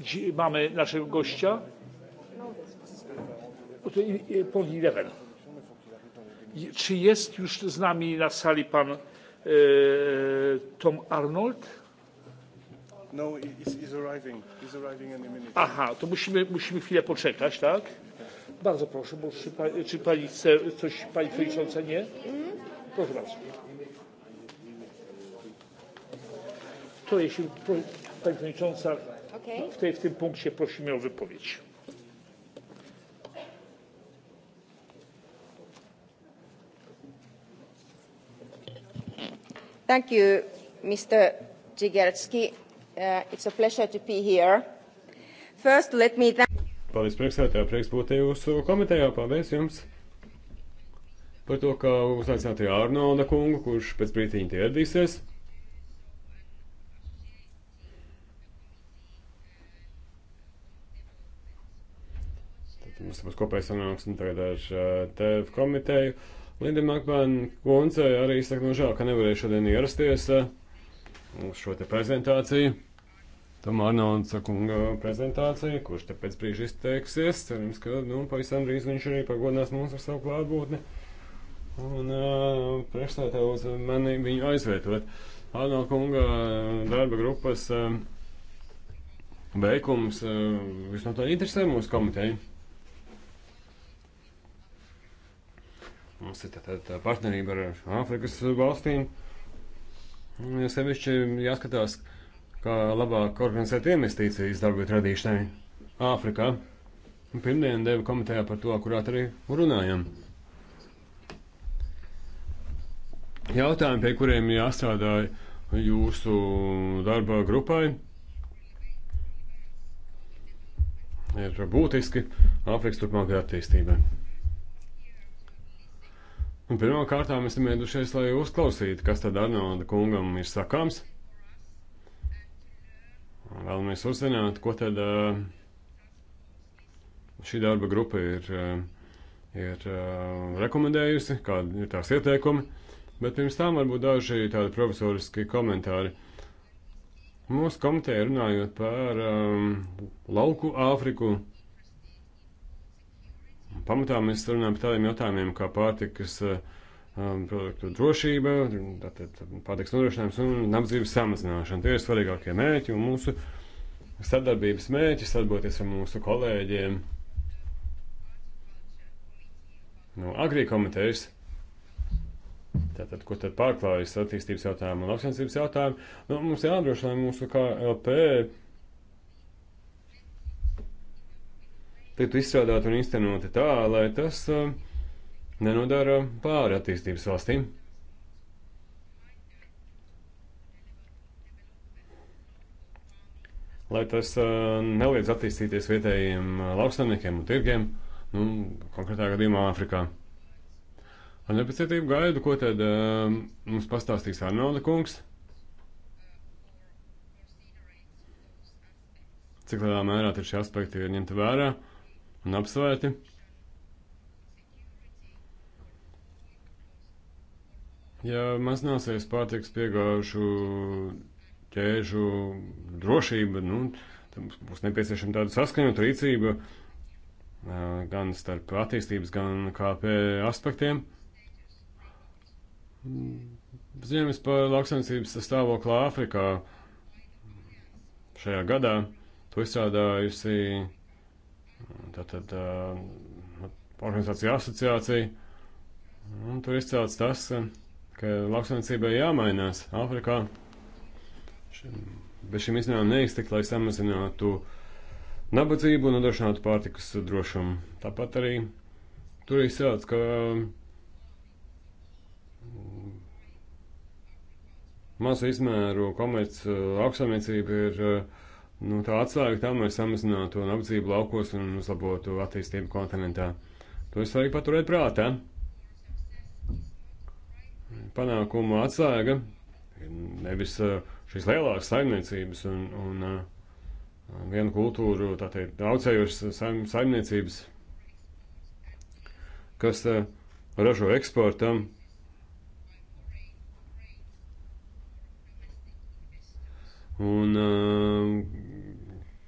Gdzie mamy naszego gościa? Pan Lewel. Czy jest już z nami na sali pan e, Tom Arnold? No, he's, he's arriving. He's arriving any minute. Aha, to musimy, musimy chwilę poczekać, tak? Bardzo proszę, bo czy, pa, czy pani chce coś, pani przewodnicząca, nie? Proszę bardzo. To jeśli pani przewodnicząca Okay. Tutaj w tym punkcie prosimy o wypowiedź. Thank you, Mr. Jigerski. Uh, it's a pleasure to be here. First, let me thank... Paldies, priekšsētā. Prieks būt jūsu komitejā. Paldies jums par to, ka uzaicinātie Arnolda kungu, kurš pēc brītiņa tie ieradīsies. Mums būs kopēja sanāksme tagad ar eh, TV komiteju. Linda Makbēna kundze arī saka, nu žēl, ka nevarēja šodien ierasties eh, uz šo te prezentāciju. Tam Arnolds kunga prezentācija, kurš te pēc brīža izteiksies. Cerams, ka nu, pavisam drīz viņš arī pagodinās mums ar savu klātbūtni. Un uh, priekšstādā uz mani viņu aizvietot. Arnolds kunga darba grupas uh, veikums uh, visnotaļ interesē mūsu komiteju. Mums ir tātad partnerība ar Āfrikas valstīm. Ja sevišķi jāskatās, kā labāk organizēt investīcijas darbu radīšanai Āfrikā. Pirmdien deva komitejā par to, kurā arī runājam. Jautājumi, pie kuriem jāstrādā jūsu darba grupai, ir būtiski Āfrikas turpmākajai attīstībai. Un pirmā kārtā mēs esam iedušies, lai uzklausītu, kas tad Arnolda kungam ir sakāms. Vēlamies uzzināt, ko tad eh, šī darba grupa ir, eh, ir eh, rekomendējusi, kādi ir tās ieteikumi. Bet pirms tam varbūt daži tādi profesoriski komentāri. Mūsu komiteja runājot par um, lauku Āfriku pamatā mēs runājam par tādiem jautājumiem kā pārtikas eh, um, produktu drošība, tātad pārtikas nodrošinājums un nabadzības samazināšana. Tie ir svarīgākie mērķi un mūsu sadarbības mērķi, sadarboties ar mūsu kolēģiem no agrī komitejas. Tātad, ko tad pārklājas attīstības jautājumu un lauksainsības jautājumu? Nu, mums jānodrošina mūsu kā LP tiktu izstrādāti un īstenoti tā, lai tas uh, nenodara pāri attīstības valstīm. Lai tas uh, neliedz attīstīties vietējiem uh, lauksaimniekiem un tirgiem, nu, konkrētā gadījumā Āfrikā. Ar nepacietību gaidu, ko tad uh, mums pastāstīs Arnolda kungs. Cik lielā mērā tad šie aspekti ir ņemti vērā, un apsvērti. Ja mazināsies pārtiks piegājušu ķēžu drošība, nu, tad būs nepieciešama tāda saskaņota rīcība gan starp attīstības, gan KP aspektiem. Ziņojums par lauksaimniecības stāvokli Āfrikā šajā gadā to izstrādājusi Tātad uh, organizācija asociācija. Un tur izcēlts tas, ka lauksaimniecībai jāmainās Āfrikā. Bez šiem izņēmumiem neiztikt, lai samazinātu nabadzību un nodrošinātu pārtikas drošumu. Tāpat arī tur izcēlts, ka mazu izmēru komerc lauksaimniecība ir uh, nu, tā atslēga tam, lai samazinātu nabadzību laukos un uzlabotu attīstību kontinentā. To ir svarīgi paturēt prātā. Panākumu atslēga nevis uh, šīs lielākas saimniecības un, un, un uh, vienu kultūru, tā teikt, daudzējušas saim, saimniecības, kas uh, ražo eksportam, Un uh,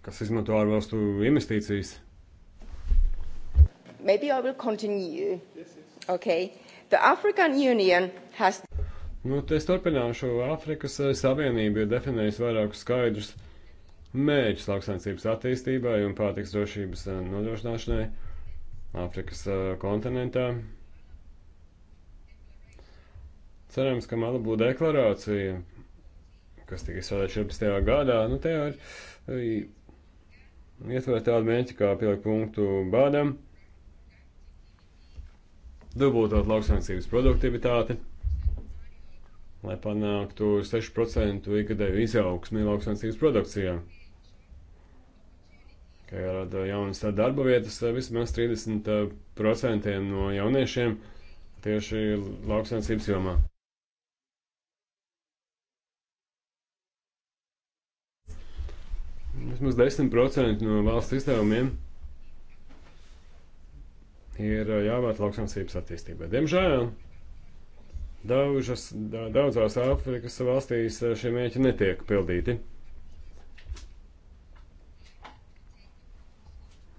kas izmanto ārvalstu investīcijas. Maybe I will continue. Yes, yes. Okay. The African Union has. Nu, es turpināšu. Āfrikas eh, Savienība ir definējusi vairākus skaidrus mērķus lauksaimniecības attīstībai un pārtiks drošības eh, nodrošināšanai Āfrikas eh, kontinentā. Cerams, ka Malibu deklarācija, kas tika izstrādāta 14. gadā, nu, tajā ir ietver tādu mērķi kā pielikt punktu bādam, dubultot lauksaimniecības produktivitāti, lai panāktu 6% ikgadēju izaugsmi lauksaimniecības produkcijā. Kā jārada jaunas darba vietas vismaz 30% eh, no jauniešiem tieši lauksaimniecības jomā. vismaz 10% no valsts izdevumiem ir eh, jāvērt lauksaimniecības attīstībai. Diemžēl daužas, daudzās Āfrikas valstīs eh, šie mērķi netiek pildīti.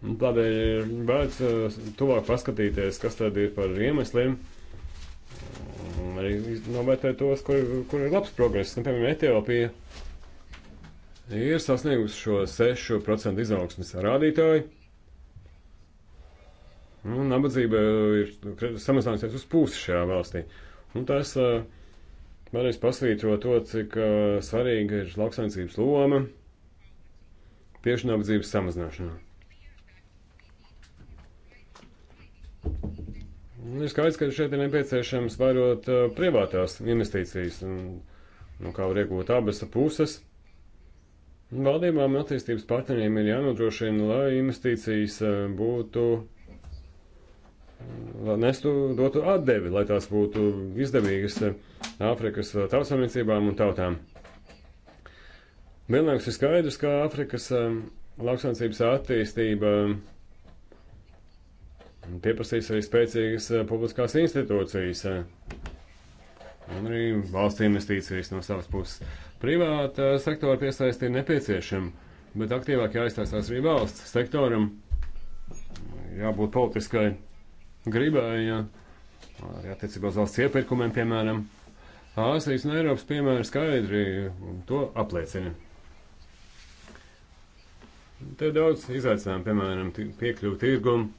Un tādēļ ir vērts eh, tuvāk paskatīties, kas tad ir par iemesliem. Arī novērtēt tos, kur, kur ir labs progress. Nu, piemēram, Etiopija ir sasniegusi šo 6% izaugsmes rādītāju. Un nabadzība ir samazinājusies uz pusi šajā valstī. Un tas eh, vēlreiz pasvītro to, cik eh, svarīga ir lauksaimniecības loma tieši nabadzības samazināšanā. Ir skaidrs, ka šeit ir nepieciešams vairot eh, privātās investīcijas, un, nu, kā var iegūt abas puses. Valdībām un attīstības partneriem ir jānodrošina, lai investīcijas eh, būtu, eh, lai nestu, dotu atdevi, lai tās būtu izdevīgas eh, Āfrikas tautsamiecībām un tautām. Vienlaikus ir skaidrs, ka Āfrikas lauksaimniecības attīstība mm, pieprasīs arī spēcīgas publiskās institūcijas un arī valsts investīcijas no savas puses. Privāta sektora piesaisti ir nepieciešama, bet aktīvāk jāizstāstās arī valsts sektoram. Jābūt politiskai gribai, ja arī attiecībā uz valsts iepirkumiem, piemēram. Āzijas un Eiropas piemēri skaidri to apliecina. Te ir daudz izaicinājumu, piemēram, piekļuvu tirgumu,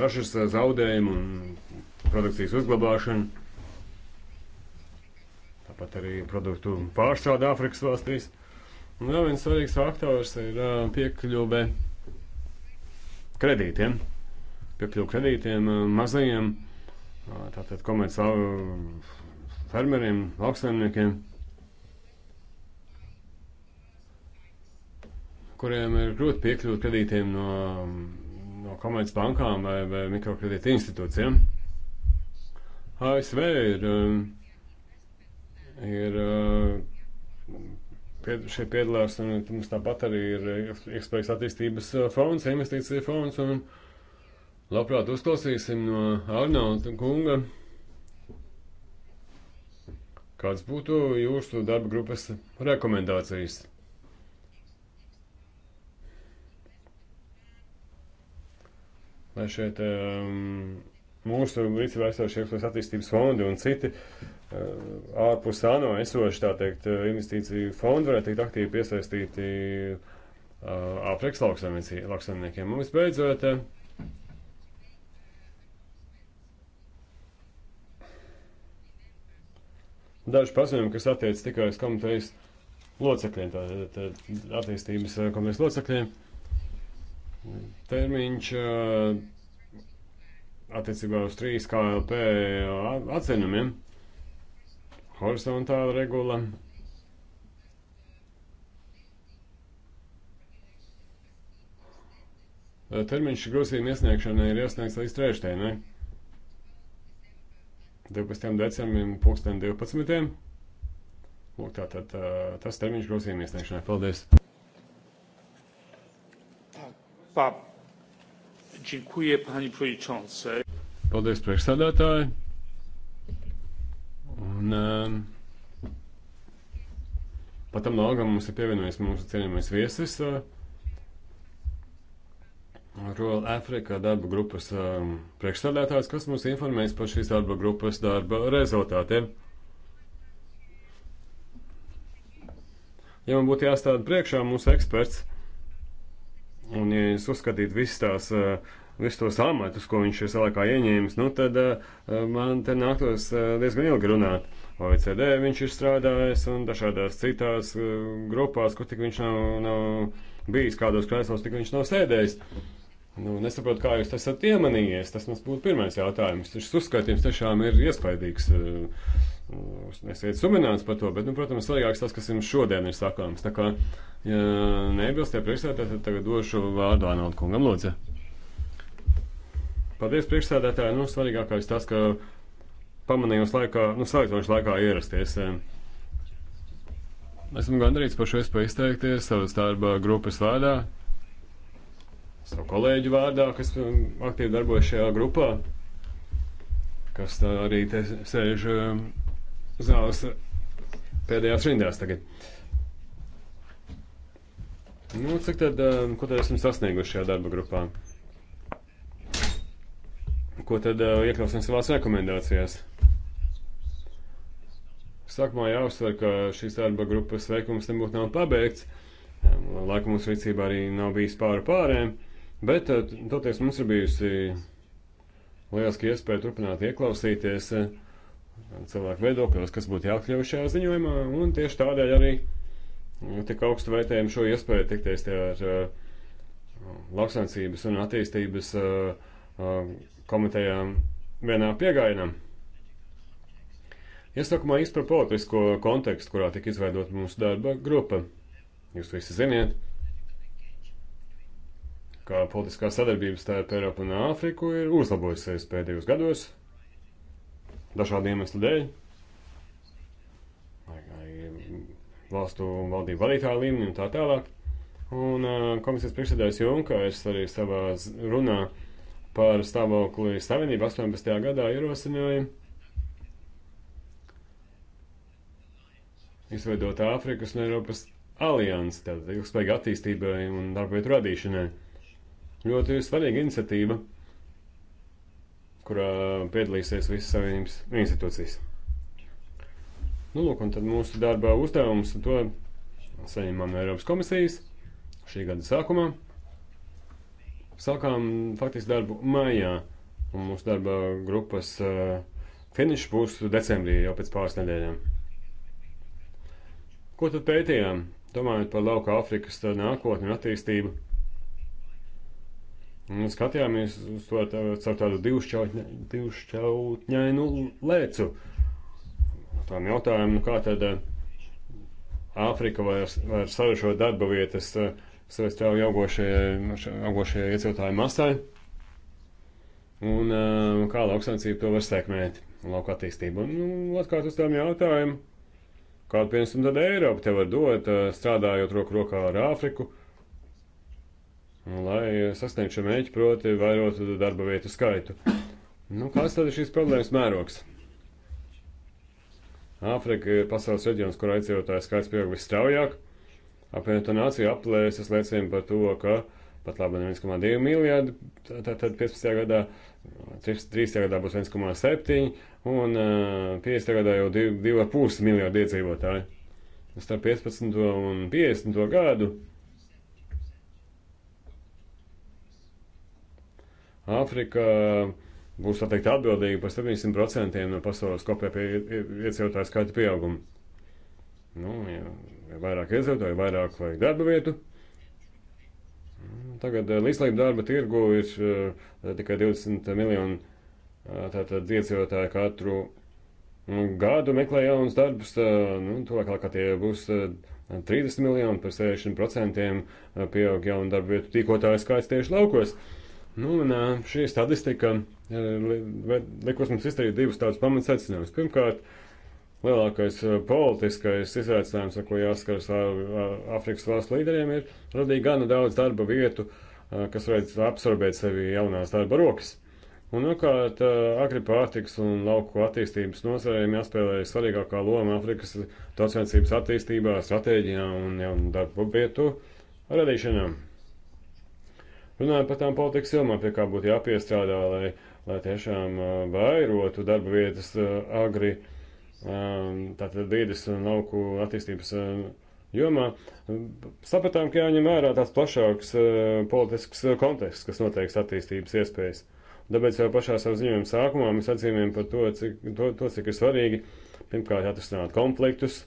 ražas zaudējumu un produkcijas uzglabāšana, tāpat arī produktu pārstrāde Āfrikas valstīs. Un vēl viens svarīgs faktors ir piekļuve kredītiem. Piekļuve kredītiem mazajiem, tātad komerciālu fermeriem, lauksaimniekiem, kuriem ir grūti piekļūt kredītiem no, no komercbankām vai, vai mikrokredīta institūcijiem. ASV ir, um, ir uh, šeit piedalās, un mums tāpat arī ir iekspējas attīstības uh, fonds, investīcija fonds, un labprāt uzklausīsim no Arnauta kunga, kāds būtu jūsu darba grupas rekomendācijas. lai šie um, mūsu līdzsvarā esošie ekonomiskās attīstības fondi un citi eh, ārpus ANO esoši, tā teikt, eh, investīciju fondi varētu tikt aktīvi piesaistīti eh, apreks lauksaimniekiem. Un visbeidzot, daži paziņojumi, kas attiec tikai uz komitejas locekļiem, tātad attīstības komitejas locekļiem. Termiņš uh, attiecībā uz trīs KLP atzinumiem. Horizontāla regula. Termiņš grozījuma iesniegšanai ir iesniegts līdz trešdienai. 12. decembrim, 2012. Lūk, tā tad tas termiņš grozījuma iesniegšanai. Paldies! Pa, Dziękuję pani przewodniczącej. Paldies, priekšsēdētāji. Un um, pat tam nākam mums ir pievienojies mūsu cienījamais viesis. Uh, Royal Africa darba grupas um, priekšstādātājs, kas mums informēs par šīs darba grupas darba rezultātiem. Ja man būtu jāstāda priekšā mūsu eksperts, Un, ja jūs uzskatītu visas tās. Eh, visus tos amatus, ko viņš savā laikā ieņēmis, nu tad uh, man te nāktos uh, diezgan ilgi runāt. OECD viņš ir strādājis un dažādās citās uh, grupās, kur tik viņš nav, nav bijis, kādos krēslos tik viņš nav sēdējis. Uh, Nu, nesaprotu, kā jūs esat iemanījies. Tas mums būtu pirmais jautājums. Šis uzskaitījums tiešām ir iespaidīgs. Nesiet eh, sumināts par to, bet, nu, protams, svarīgāks tas, kas jums šodien ir sakāms. Tā kā, ja neiebilstiet priekšsēdētāji, tad tagad došu vārdu Ānalda kungam lūdzu. Paldies priekšsēdētāji. Nu, svarīgākais tas, ka pamanījums laikā, nu, slēgtošanas laikā ierasties. Esmu gandrīz par šo iespēju izteikties savas darba grupas vārdā savu kolēģu vārdā, kas um, aktīvi darbojas šajā grupā, kas uh, arī te sēž um, zāles pēdējās rindās tagad. Nu, cik tad, um, ko tad esam sasnieguši šajā darba grupā? Ko tad uh, iekļausim savās rekomendācijās? Sākumā jāuzsver, ka šīs darba grupas veikums nebūtu nav pabeigts. Laika mums rīcībā arī nav bijis pāri pārējiem. Bet, eh, toties, mums ir bijusi lieliski iespēja turpināt ieklausīties eh, cilvēku viedokļos, kas būtu jākļauj šajā ziņojumā, un tieši tādēļ arī eh, tik augstu vērtējam šo iespēju tikties ar lauksaimniecības un attīstības komitejām vienā piegainam. Iesākumā īsti par politisko kontekstu, kurā tika izveidota mūsu darba grupa. Jūs visi ziniet, ka politiskā sadarbība starp Eiropu un Āfriku ir uzlabojusies pēdējos gados, dažādu iemeslu dēļ. Mm, valstu valdību vadītāju līmenī un tā tālāk. Un komisijas priekšsēdājs Junkers arī savā runā par stāvokli savienību 18. gadā ierosināja izveidot Āfrikas un Eiropas aliansi, tātad ilgspējīga attīstībai un darbvietu radīšanai. Ļoti svarīga iniciatīva, kurā piedalīsies visas savienības institūcijas. Nu, lūk, un tad mūsu darba uzdevums to saņemam no Eiropas komisijas šī gada sākumā. Sākām faktiski darbu maijā, un mūsu darba grupas uh, finišs būs decembrī, jau pēc pāris nedēļām. Ko tad pētījām? Domājot par lauka Afrikas nākotni un attīstību. Un skatījāmies uz to tā, caur tādu divšķautņainu lēcu. Tām jautājumu, nu kā tad eh, Āfrika vai ar, vai ar sarežot darba vietas sevi eh, strauji augošajai, augošajai ieciltāju masai. Un eh, kā lauksaimniecība to var sekmēt, lauka attīstību. Un nu, atkārt uz tām jautājumu, kādu pienesumu tad Eiropa te var dot, strādājot roku rokā ar Āfriku Nu, lai sasniegtu šo mērķi, proti, vairot darba vietu skaitu. Nu, kāds tad ir šīs problēmas mērogs? Āfrika ir pasaules reģions, kur aicinājuma skaits pieaug visstraujāk. Apvienotā nācija aplēsas liecina par to, ka pat labi 1,2 miljardi, tad 15. gadā, 30. gadā būs 1,7 un 50. gadā jau 2,5 miljardi iedzīvotāji. Starp 15. un 50. gadu Āfrika eh, būs teikt, atbildīga par 700% no pasaules kopējā pie iedzīvotāju skaita pieauguma. Nu, ja, ja vairāk iedzīvotāju, vairāk vajag darba vietu. Tagad eh, līdzlaika darba tirgu ir eh, tikai 20 miljoni tātad iedzīvotāji katru mm, gadu meklē jaunus darbus. Nu, Tuvāk kā tie būs 30 miljoni par 60% pieaug jaunu darbu vietu tīkotāju skaits tieši laukos. Uh, Nu, un, šī statistika liekos mums izdarīt divus tādus pamatsecinājumus. Pirmkārt, lielākais politiskais izaicinājums, ar ko jāskaras Afrikas valsts līderiem, ir radīt gana daudz darba vietu, kas varētu absorbēt sevi jaunās darba rokas. Un, otrkārt, agripārtiks un lauku attīstības nozarēm jāspēlē svarīgākā loma Afrikas tautsvērtības attīstībā, stratēģijā un jaunu darba vietu radīšanām. Runājot par tām politikas jomām, pie kā būtu jāpiestrādā, lai, lai tiešām vairotu darba vietas agri, tātad vīdes un lauku attīstības jomā. Sapratām, ka jāņem vērā tāds plašāks politisks konteksts, kas noteiks attīstības iespējas. Tāpēc jau pašā savā ziņojuma sākumā mēs atzīmējam par to cik, to, to, cik ir svarīgi pirmkārt atrisināt konfliktus,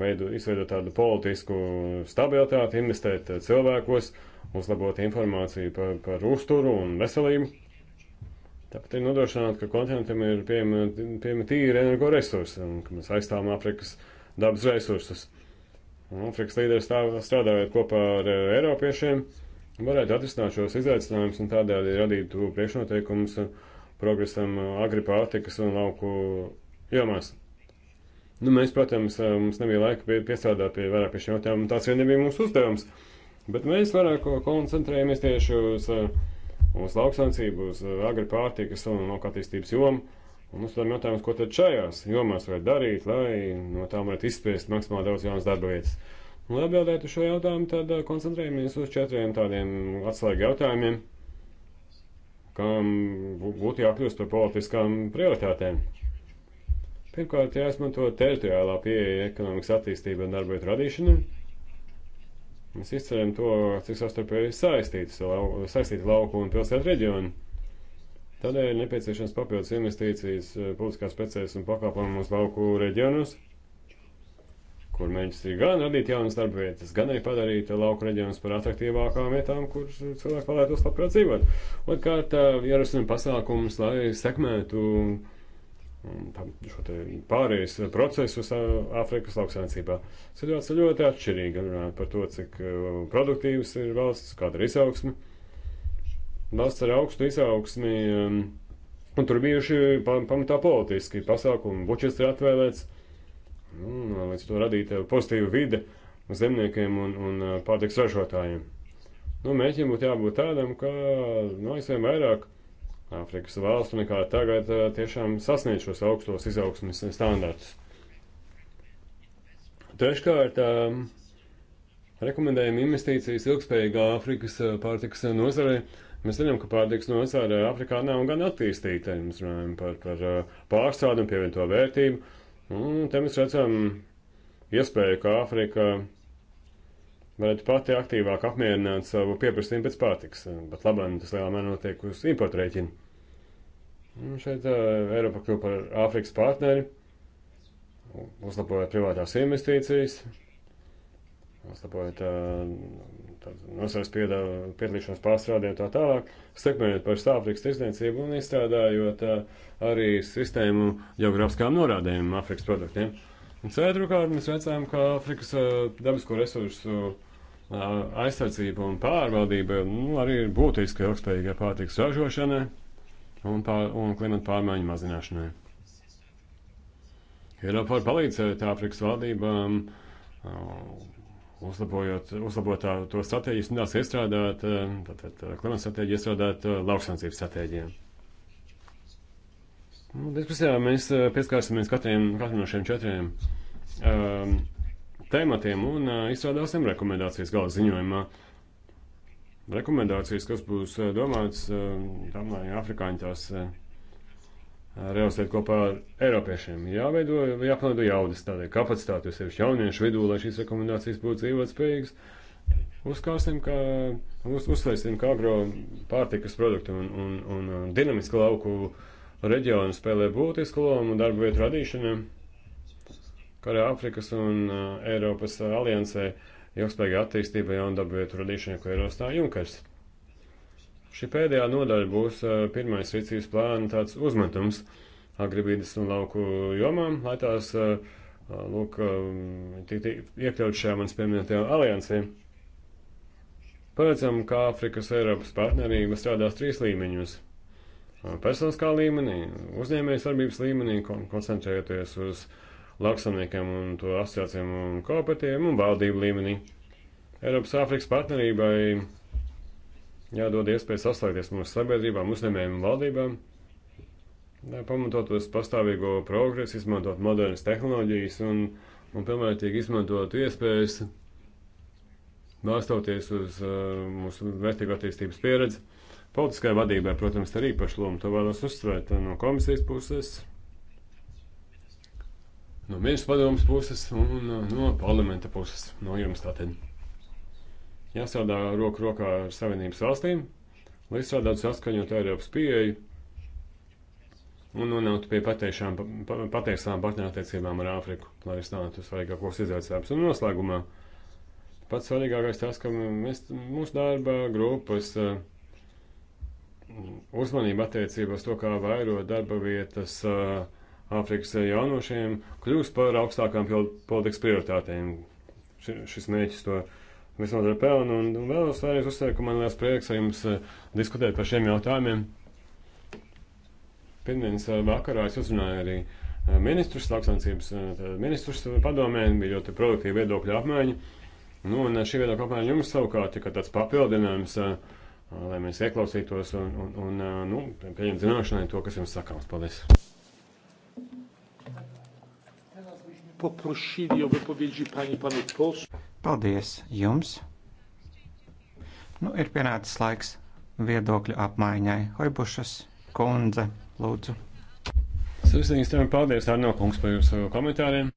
veidu, izveidot tādu politisku stabilitāti, investēt cilvēkos, uzlabot informāciju par, par uzturu un veselību. Tāpat ir nodrošināts, ka kontinentam ir pieejami tīri energoresursi un ka mēs aizstāvam Āfrikas dabas resursus. Un Āfrikas līderi stāv, strādājot kopā ar eh, Eiropiešiem, varētu atrisināt šos izaicinājumus un tādēļ radītu priekšnoteikumus progresam agripārtikas un lauku jomās. Nu, mēs, protams, eh, mums nebija laika piestrādāt pie vairāk pie šiem jautājumiem, un tāds vien nebija mūsu uzdevums. Uh, Bet mēs vairāk koncentrējamies tieši uz, eh, uz lauksaimniecību, uz eh, agri pārtikas un lauka attīstības jomu. Un uzdevām jautājumus, ko tad šajās jomās var darīt, lai no tām varētu izspiest maksimāli daudz jaunas darba vietas. Un, lai atbildētu šo jautājumu, tad eh, koncentrējamies uz četriem tādiem atslēgu jautājumiem, kam būtu jākļūst par politiskām prioritātēm. Pirmkārt, jāizmanto teritoriālā pieeja ekonomikas attīstībai un darba vietu radīšanai. Mēs izceļam to, cik sastarpēji saistīti lau, saistīt lauku un pilsētu reģionu. Tādēļ ir nepieciešams papildus investīcijas eh, publiskās precēs un pakalpojumus lauku reģionus, kur mēģis ir gan radīt jaunas darba vietas, gan arī padarīt lauku reģionus par atraktīvākām vietām, kur cilvēki vēlētos labprāt dzīvot. Otkārt, jārasinam eh, pasākums, lai sekmētu. Uh, šo pārējais procesus Āfrikas lauksainicībā. Situācija ļoti atšķirīga, gan runājot par to, cik e, produktīvas ir valsts, kāda ir izaugsme. Valsts ar augstu izaugsmi, um, un tur bijuši pamatā politiski pasākumi, bučets ir atvēlēts, un nu, līdz to radīt e, pozitīvu vide zemniekiem un, un e, pārtiks ražotājiem. Nu, mēķim būtu jābūt tādam, ka, nu, aizvien vairāk, uh, Āfrikas valstu nekā tagad eh, tiešām sasniedz šos augstos izaugsmes standartus. Treškārt, ehm, rekomendējam investīcijas ilgspējīgā Āfrikas eh, pārtikas nozarei. Mēs zinām, ka pārtiks nozare Āfrikā nav gan attīstīta. Mēs runājam par, par eh, pārstrādi un pievienoto vērtību. Un te mēs redzam iespēju, ka Āfrika varat pati aktīvāk apmierināt savu pieprasījumu pēc pārtikas, bet labāk tas lielā mērā notiek uz importu rēķina. Un šeit uh, Eiropa kļūst par Āfrikas partneri, uzlabojot privātās investīcijas, uzlabojot uh, nozares piedalīšanos pārstrādē un tā tālāk, sekmējot par Āfrikas tirdzniecību un izstrādājot uh, arī sistēmu geogrāfiskām norādēm Āfrikas produktiem. Un ceturkārt mēs redzējām, ka Āfrikas uh, dabisko resursu uh, aizsardzība un pārvaldība nu, arī ir būtiska ilgspējīgai pārtiks ražošanai un, pār, un klimata pārmaiņu mazināšanai. Eiropa var palīdzēt Āfrikas valdībām, uzlabojot, uzlabot tā, to stratēģiju, un tās iestrādāt, tātad klimata stratēģiju iestrādāt lauksansības stratēģijām. Nu, diskusijā mēs pieskārsimies katriem, katram no šiem četriem um, tematiem un izstrādāsim rekomendācijas gala ziņojumā. Rekomendācijas, kas būs domāts, domāju, afrikāņi tās realizēt kopā ar Eiropiešiem. Jāveido, jāplāno jaudas tādai kapacitāti, jo sevišķi jauniešu vidū, lai šīs rekomendācijas būtu dzīvotspējīgas. Uzkāsim, kā, uz, uzsveicam, kā agro pārtikas produktu un, un, un dinamisku lauku reģionu spēlē būtisku lomu darba vietu radīšanai. Karā Afrikas un uh, Eiropas aliansē ilgspējīgai attīstībai un dabvietu radīšanai, ko ierosināja Junkers. Šī pēdējā nodaļa būs uh, pirmais rīcības plāna tāds uzmetums agribīdas un lauku jomām, lai tās uh, lūk, um, tiktu iekļaut šajā manas pieminētajā aliansē. Paredzam, ka Āfrikas Eiropas partnerība strādās trīs līmeņos. Uh, personiskā līmenī, uzņēmējas darbības līmenī, koncentrējoties uz uh, lauksamniekiem un to asociācijām un kooperatīviem un valdību līmenī. Eiropas Āfrikas partnerībai jādod iespēja saslēgties mūsu sabiedrībām, uzņēmējiem un valdībām, lai pamatotu uz pastāvīgo progresu, izmantot modernas tehnoloģijas un, un pilnvērtīgi izmantot iespējas, balstoties uz uh, mūsu vērtīgu attīstības pieredzi. Politiskai vadībai, protams, arī īpaši loma, to vēlos uzsvērt no komisijas puses no ministra padomas puses un no parlamenta puses, no jums tātad. Jāstrādā roku rokā ar Savienības valstīm, lai strādātu saskaņot Eiropas pieeju un nonāktu pie patiešām, patiesām partnerattiecībām ar Āfriku, lai risinātu svarīgākos izaicinājumus. Un noslēgumā pats svarīgākais tas, ka mēs, mūsu darba grupas uh, uzmanība attiecībā uz to, kā vairot darba vietas. Uh, Āfrikas jaunošiem kļūst par augstākām politikas prioritātēm. Ši, šis mēģis to visnotaļ pelna, un, un vēlos vēlreiz uzsvērt, ka man liels prieks ar jums eh, diskutēt par šiem jautājumiem. Pirmdienas eh, vakarā es uzrunāju arī eh, ministrus, lauksaimniecības ministrus padomē, bija ļoti produktīva viedokļa apmaiņa. Nu, un šī viedokļa apmaiņa jums savukārt tika tāds papildinājums, lai mēs ieklausītos un, un, un nu, pieņemtu zināšanai to, kas jums sakāms. Paldies! poprosili o wypowiedzi pani panów posłów. Paldies jums! Nu, ir pienācis laiks viedokļu apmaiņai. Hoibušas kundze, lūdzu. Sirsnīgs tev paldies, Arno kungs, par jūsu komentāriem.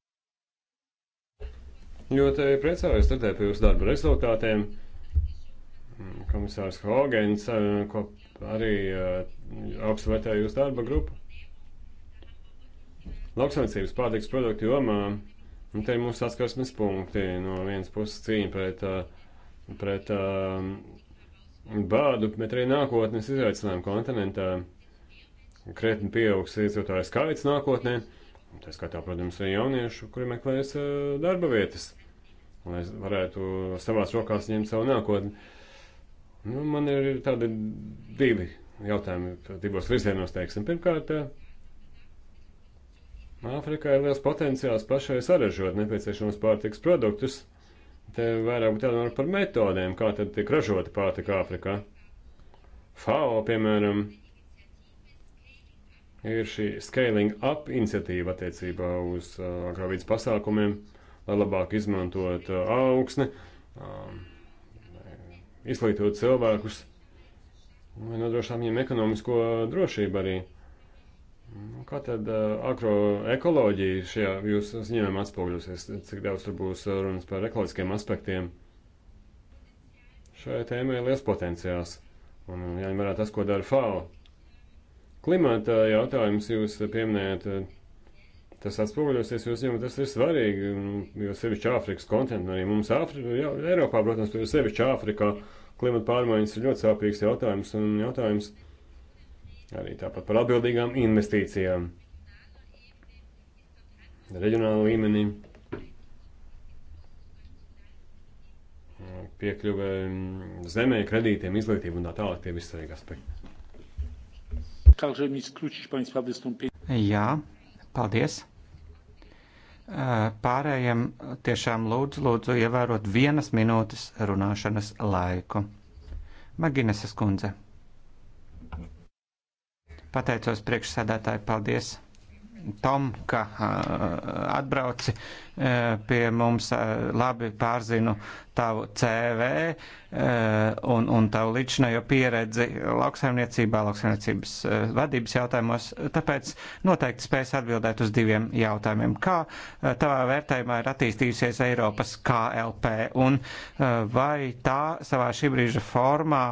Ļoti priecājos dzirdēt par jūsu darba rezultātiem. Komisārs Hogens, eh, ko arī eh, augstu vērtēja jūsu darba grupu. Lauksaimniecības pārtiks produktu jomā, un te ir mūsu saskarsmes punkti. No vienas puses cīņa pret, uh, pret um, bādu, bet arī nākotnes izaicinājumu kontinentā. Krietni pieaugs iedzīvotāju skaits nākotnē. Tā skaitā, protams, ir jauniešu, kuri meklēs uh, darba vietas, lai varētu savās rokās ņemt savu nākotni. Nu, man ir tādi divi jautājumi divos virzienos, teiksim. Pirmkārt, uh, Āfrikā ir liels potenciāls pašai saražot nepieciešamos pārtiks produktus. Te vairāk būtu jārunā par metodēm, kā tad tiek ražota pārtika Āfrikā. FAO, piemēram, ir šī scaling up iniciatīva attiecībā uz uh, agrovīdas pasākumiem, lai labāk izmantot uh, augsni, um, izglītot cilvēkus, lai nodrošinātu viņiem ekonomisko drošību arī. Nu, kā tad agroekoloģija šajā jūsu ziņojumā atspoguļosies? Cik daudz tur būs runas par ekoloģiskiem aspektiem? Šai tēmai ir liels potenciāls. Un jāņem vērā tas, ko dara FAO. Klimata jautājums jūs pieminējat, tas atspoguļosies jūsu ziņojumā, tas ir svarīgi, jo sevišķi Āfrikas kontinentā, arī mums Āfri, jā, Eiropā, protams, jo sevišķi Āfrikā klimata pārmaiņas ir ļoti sāpīgs jautājums un jautājums arī tāpat par atbildīgām investīcijām reģionāla līmenī. Piekļuve mm, zemē, kredītiem, izglītību un tā tālāk tie visi svarīgi aspekti. Jā, paldies. Pārējiem tiešām lūdzu, lūdzu ievērot vienas minūtes runāšanas laiku. Magineses kundze. Pateicos priekšsēdētāji, paldies Tom, ka atbrauci pie mums, labi pārzinu tavu CV un, un tavu līdzinējo pieredzi lauksaimniecībā, lauksaimniecības vadības jautājumos, tāpēc noteikti spēs atbildēt uz diviem jautājumiem. Kā tavā vērtējumā ir attīstījusies Eiropas KLP un vai tā savā šī brīža formā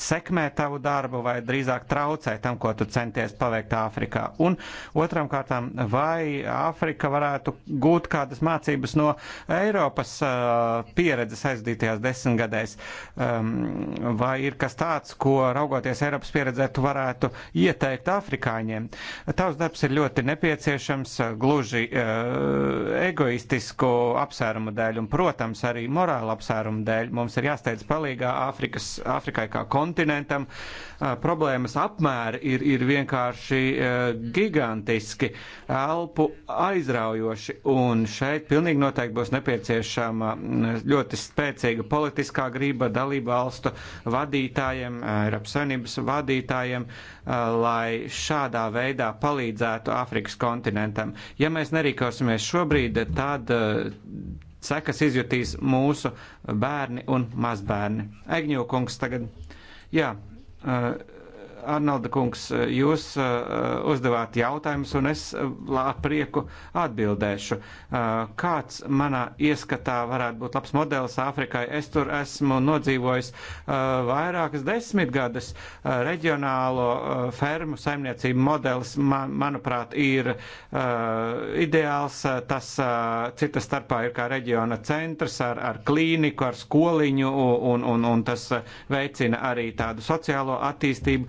sekmē tavu darbu vai drīzāk traucē tam, ko tu centies paveikt Āfrikā? Un otram kārtām, vai Āfrika varētu gūt kādas mācības no Eiropas uh, pieredzes aizdītajās desmitgadēs? Um, vai ir kas tāds, ko raugoties Eiropas pieredzē, tu varētu ieteikt afrikāņiem? Tavs darbs ir ļoti nepieciešams, gluži uh, egoistisku apsvērumu dēļ un, protams, arī morāla apsvērumu dēļ. Mums ir jāsteidz palīgā Āfrikas, Āfrikai kā kontinentam kontinentam problēmas apmēri ir, ir vienkārši gigantiski, elpu aizraujoši, un šeit pilnīgi noteikti būs nepieciešama ļoti spēcīga politiskā grība dalību valstu vadītājiem, Eiropas Savienības vadītājiem, lai šādā veidā palīdzētu Āfrikas kontinentam. Ja mēs nerīkosimies šobrīd, tad sekas izjutīs mūsu bērni un mazbērni. Egņokungs tagad. Jā, Arnolda kungs, jūs uh, uh, uzdevāt jautājumus, un es uh, ar prieku atbildēšu. Kāds manā ieskatā varētu būt labs modelis Āfrikai? Es tur esmu nodzīvojis vairākas desmitgades. Reģionālo fermu saimniecību modelis, man, manuprāt, ir ideāls. Tas cita starpā ir kā reģiona centrs ar, ar klīniku, ar skoliņu, un, un, un tas veicina arī tādu sociālo attīstību.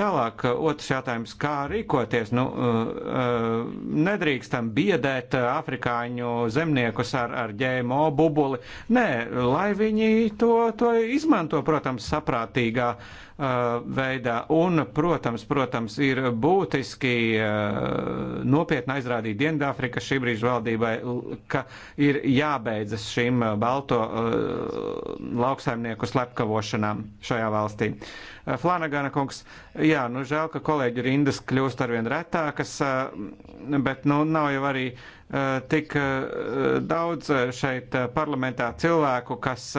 Tālāk, uh, otrs jautājums, kā rīkoties? Nu, uh, uh, nedrīkstam biedēt afrikāņu zemniekus ar, ar ģēmo bubuli. Nē, lai viņi to, to izmanto, protams, saprātīgā veidā. Un, protams, protams, ir būtiski nopietni aizrādīt Dienvidāfrikas šī brīža valdībai, ka ir jābeidzas šīm balto lauksaimnieku slepkavošanām šajā valstī. Flanagana kungs, Jā, nu žēl, ka kolēģi rindas kļūst arvien retākas, bet nu nav jau arī Eh, tik eh, daudz eh, šeit parlamentā cilvēku, kas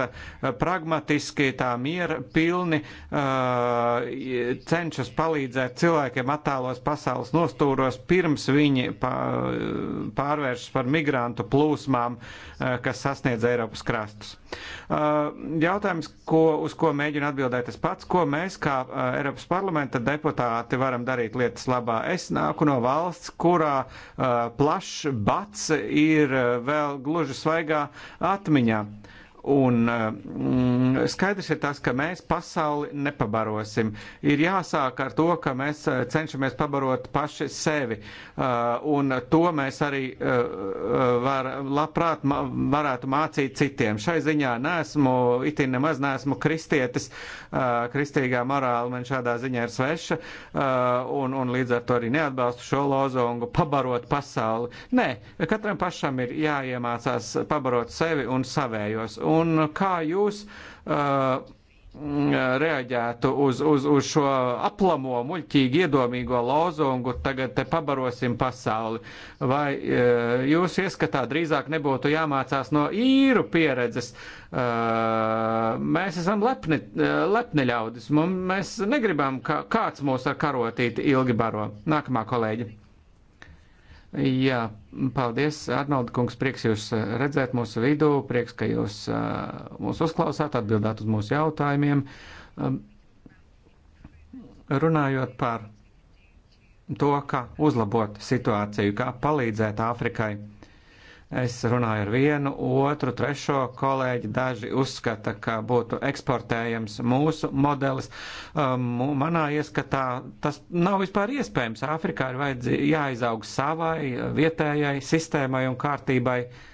pragmatiski tā miera pilni cenšas palīdzēt cilvēkiem attālos pasaules nostūros, pirms viņi pārvēršas par migrantu plūsmām, kas sasniedz Eiropas krastus. Jautājums, ko, uz ko mēģinu atbildēt es pats, ko mēs kā Eiropas parlamenta deputāti varam darīt lietas labā. Es nāku no valsts, kurā plašs bats pats ir eh, vēl gluži svaigā atmiņā. Uh, Un mm, skaidrs ir tas, ka mēs pasauli nepabarosim. Ir jāsāk ar to, ka mēs eh, cenšamies pabarot paši sevi. Eh, un to mēs arī eh, var, labprāt varētu mācīt citiem. Šai ziņā neesmu, itin nemaz neesmu kristietis. Kristīgā morāla man šādā ziņā ir sveša. Un, un līdz ar to arī neatbalstu šo lozungu pabarot pasauli. Nē, katram pašam ir jāiemācās pabarot sevi un savējos un kā jūs uh, mm, reaģētu uz, uz, uz šo aplamo, muļķīgi iedomīgo lozungu, tagad te pabarosim pasauli. Vai uh, jūs ieskatā drīzāk nebūtu jāmācās no īru pieredzes? Uh, mēs esam lepni, uh, lepni ļaudis, un mēs negribam, ka kāds mūs ar karotīti ilgi baro. Nākamā kolēģi. Jā, Paldies, Arnolda kungs, prieks jūs eh, redzēt mūsu vidū, prieks, ka jūs eh, mūs uzklausāt, atbildāt uz mūsu jautājumiem. Um, runājot par to, kā uzlabot situāciju, kā palīdzēt Āfrikai Es runāju ar vienu, otru, trešo kolēģi. Daži uzskata, ka būtu eksportējams mūsu modelis. Um, manā ieskatā tas nav vispār iespējams. Āfrikā ir jāizaug savai vietējai sistēmai un kārtībai. Uh,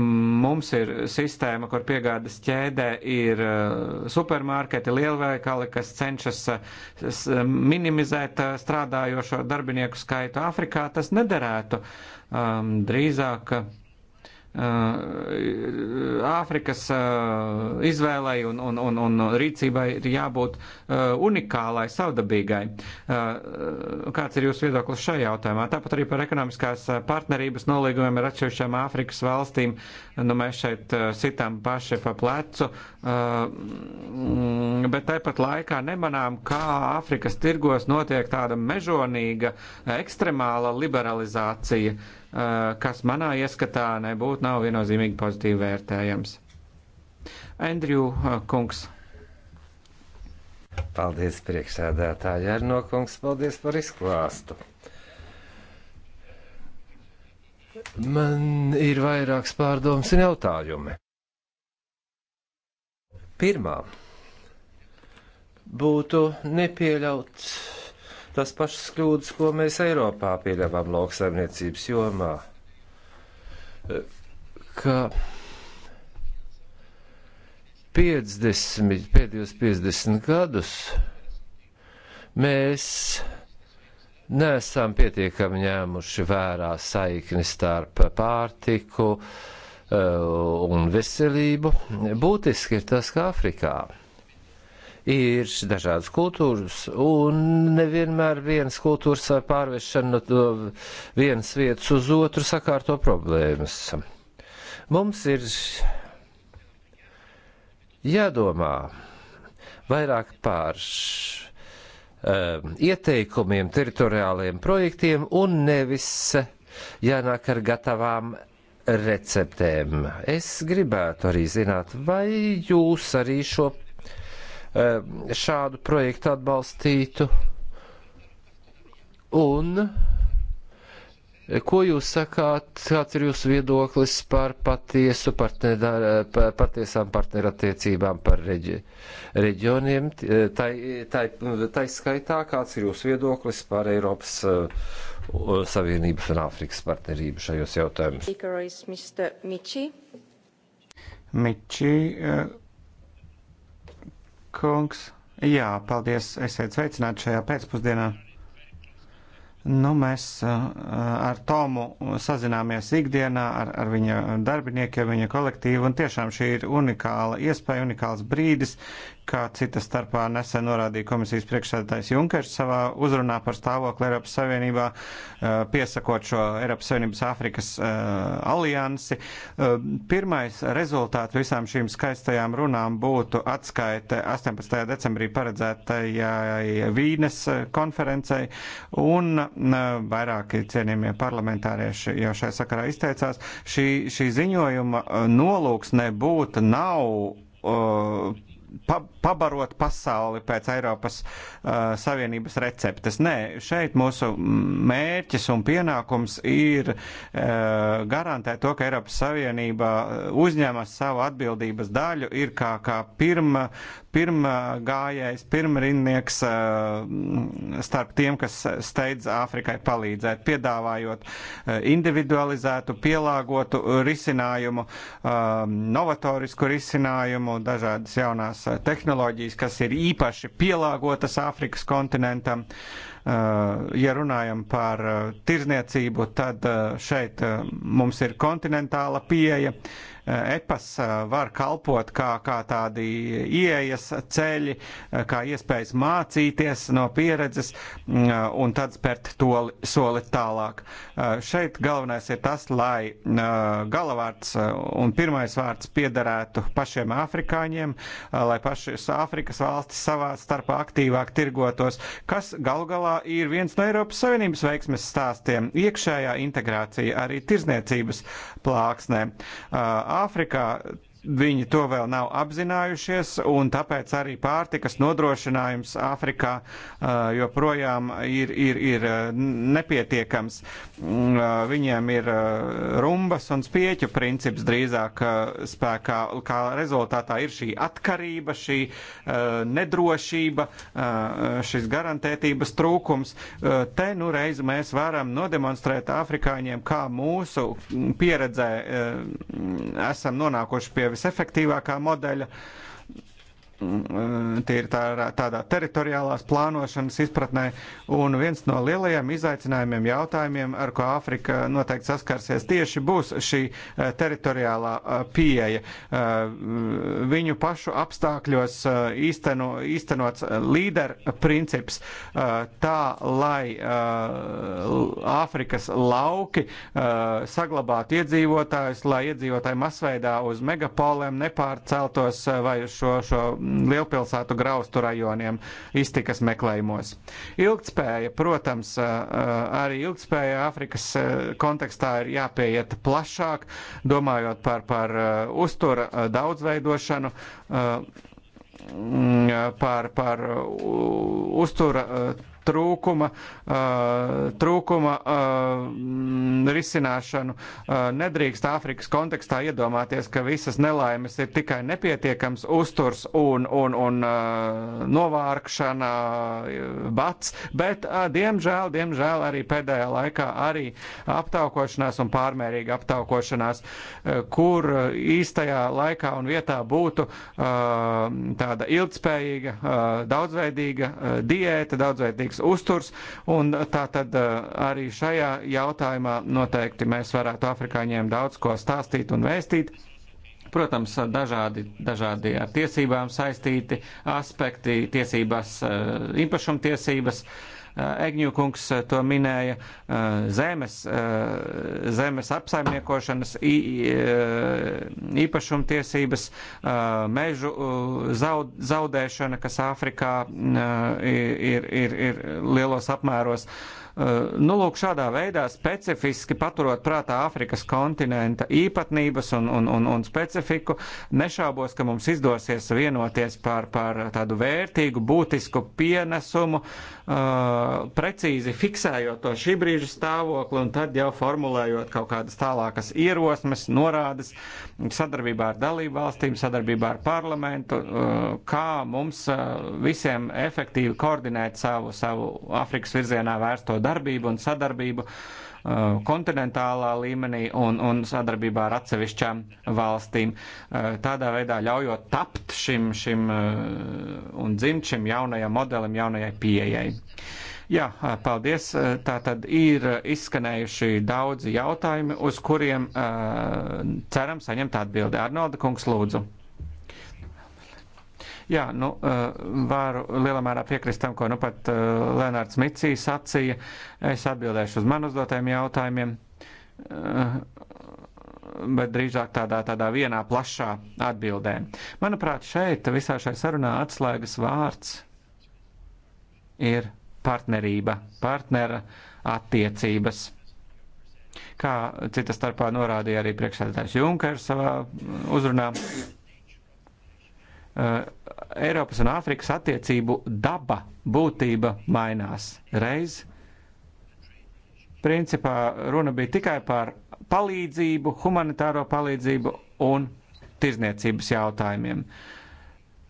Mums ir sistēma, kur piegādas ķēdē ir eh, supermarketi, lielveikali, kas cenšas minimizēt eh, strādājošo darbinieku skaitu Āfrikā. Tas nederētu drīzāk Uh, Āfrikas uh, izvēlei un, un, un, un rīcībai ir jābūt uh, unikālai, savdabīgai. Kāds ir jūsu viedoklis šajā jautājumā? Tāpat arī par ekonomiskās partnerības nolīgumiem ar atsevišķām Āfrikas valstīm. Nu, mēs šeit sitām paši pa plecu Uh, mm, bet tāpat laikā nemanām, kā Āfrikas tirgos notiek tāda mežonīga, ekstremāla liberalizācija, uh, kas manā ieskatā nebūtu nav viennozīmīgi pozitīvi vērtējams. Andrew uh, Kungs. Paldies, priekšsēdētāji, Arno Kungs, paldies par izklāstu. Man ir vairāks pārdoms un jautājumi. Pirmā būtu nepieļaut tas pašas kļūdas, ko mēs Eiropā pieļāvām lauksaimniecības jomā. Ka 50, pēdējos 50 gadus mēs neesam pietiekami ņēmuši vērā saikni starp pārtiku, uh, Eh, un veselību. Būtiski ir tas, ka Āfrikā ir dažādas kultūras, un nevienmēr viens kultūras pārvešana no vienas vietas uz otru sakārto problēmas. Mums ir jādomā vairāk par um, ieteikumiem, teritoriāliem projektiem un nevis jānāk ar gatavām receptēm. Es gribētu arī zināt, vai jūs arī šo eh, šādu projektu atbalstītu un eh, Ko jūs sakāt, kāds ir jūsu viedoklis par patiesu partner, par patiesām partnerattiecībām par reģi, reģioniem? Eh, tai, tai, tai skaitā, kāds ir jūsu viedoklis par Eiropas Savienības un Āfrikas partnerību šajos jautājumus. Miči eh, kungs, jā, paldies, esiet sveicināti šajā pēcpusdienā. Nu, mēs eh, ar Tomu sazināmies ikdienā ar, ar viņa darbiniekiem, viņa kolektīvu, un tiešām šī ir unikāla iespēja, unikāls brīdis, kā cita starpā nesen norādīja komisijas priekšsēdētājs Junkers savā uzrunā par stāvokli Eiropas Savienībā, eh, piesakot šo Eiropas Savienības Āfrikas eh, aliansi. Eh, pirmais rezultāts visām šīm skaistajām runām būtu atskaite 18. decembrī paredzētajai Vīnes konferencei, un vairāki cienījamie parlamentārieši jau šai sakarā izteicās. Šī, šī ziņojuma nolūks nebūtu nav pa, pabarot pasauli pēc Eiropas uh, Savienības receptes. Nē, šeit mūsu mērķis un pienākums ir uh, garantēt to, ka Eiropas Savienība uh, uzņemas savu atbildības daļu, ir kā, kā pirma, pirma gājējs, pirmrindnieks uh, starp tiem, kas steidz Āfrikai palīdzēt, piedāvājot uh, individualizētu, pielāgotu risinājumu, uh, novatorisku risinājumu, dažādas jaunās Uh, tehnoloģijas, kas ir īpaši pielāgotas Āfrikas kontinentam. Uh, ja runājam par uh, tirzniecību, tad šeit mums ir kontinentāla pieeja. EPAS var kalpot kā, kā tādi ieejas ceļi, kā iespējas mācīties no pieredzes mm, un tad spērt to soli tālāk. Šeit galvenais ir tas, lai galavārds un pirmais vārds piederētu pašiem afrikāņiem, lai pašas Āfrikas valstis savā starpā aktīvāk tirgotos, kas galu galā ir viens no Eiropas Savienības veiksmes stāstiem - iekšējā integrācija arī tirzniecības plāksnē. Āfrikā Viņi to vēl nav apzinājušies, un tāpēc arī pārtikas nodrošinājums Āfrikā uh, joprojām ir, ir, ir uh, nepietiekams. Mm, uh, viņiem ir rumbas un spieķu princips drīzāk spēkā, kā rezultātā ir šī atkarība, šī nedrošība, šis garantētības trūkums. Te nu reiz mēs varam nodemonstrēt afrikāņiem, kā mūsu mm, pieredzē esam nonākuši pie visefektīvākā modeļa. Uh, Mm, eh, tie ir tā, tādā teritoriālās plānošanas izpratnē, un viens no lielajiem izaicinājumiem, jautājumiem, ar ko Āfrika noteikti saskarsies, tieši būs šī eh, teritoriālā eh, pieeja. Viņu pašu apstākļos īsteno, īstenots līderu princips tā, lai Āfrikas lauki saglabātu iedzīvotājus, lai iedzīvotāji masveidā uz megapoliem nepārceltos vai uz šo, šo lielpilsētu graustu rajoniem iztikas meklējumos. Ilgtspēja, protams, eh, eh, arī ilgtspēja Āfrikas eh, kontekstā ir jāpieiet plašāk, domājot par, par uztura daudzveidošanu mm, par, par uztura trūkuma, eh, trūkuma eh, risināšanu. Eh, nedrīkst Āfrikas kontekstā iedomāties, ka visas nelaimes ir tikai nepietiekams uzturs un, un, un novārkšana, bats, bet, diemžēl, diemžēl arī pēdējā laikā arī aptaukošanās un pārmērīga aptaukošanās, kur īstajā laikā un vietā būtu tāda ilgspējīga, daudzveidīga diēta, daudzveidīgs vajadzīgs uzturs, un tā tad eh, arī šajā jautājumā noteikti mēs varētu afrikāņiem daudz ko stāstīt un vēstīt. Protams, dažādi, dažādi ar tiesībām saistīti aspekti, tiesības, eh, īpašumtiesības. Uh, Eh, Egņūkungs eh, to minēja, eh, zemes, zemes apsaimniekošanas, īpašumtiesības, mežu zaud, zaudēšana, kas Āfrikā ir, ir, ir lielos apmēros. Nu, lūk, šādā veidā specifiski paturot prātā Āfrikas kontinenta īpatnības un, un, un, un specifiku, nešaubos, ka mums izdosies vienoties par, par tādu vērtīgu, būtisku pienesumu uh, Uh, precīzi fiksējot to šī brīža stāvokli un tad jau formulējot kaut kādas tālākas ierosmes, norādes sadarbībā ar dalību valstīm, sadarbībā ar parlamentu, uh, kā mums uh, visiem efektīvi koordinēt savu, savu Afrikas virzienā vērsto darbību un sadarbību. Uh, Uh, kontinentālā līmenī un, un sadarbībā ar atsevišķām valstīm. Uh, tādā veidā ļaujot tapt šim, šim uh, un dzimt šim jaunajam modelim, jaunajai pieejai. Jā, paldies. Tā tad ir izskanējuši daudzi jautājumi, uz kuriem uh, ceram saņemt atbildi. Arnolda kungs, lūdzu. Jā, nu, eh, varu lielā mērā piekrist tam, ko nu pat eh, Lenārds Micī sacīja. Es atbildēšu uz man uzdotajiem jautājumiem, eh, bet drīzāk tādā, tādā vienā plašā atbildē. Manuprāt, šeit visā šai sarunā atslēgas vārds ir partnerība, partnera attiecības kā cita starpā norādīja arī priekšsēdētājs Junkers savā uzrunā. Eiropas un Āfrikas attiecību daba, būtība mainās. Reiz principā runa bija tikai par palīdzību, humanitāro palīdzību un tirzniecības jautājumiem.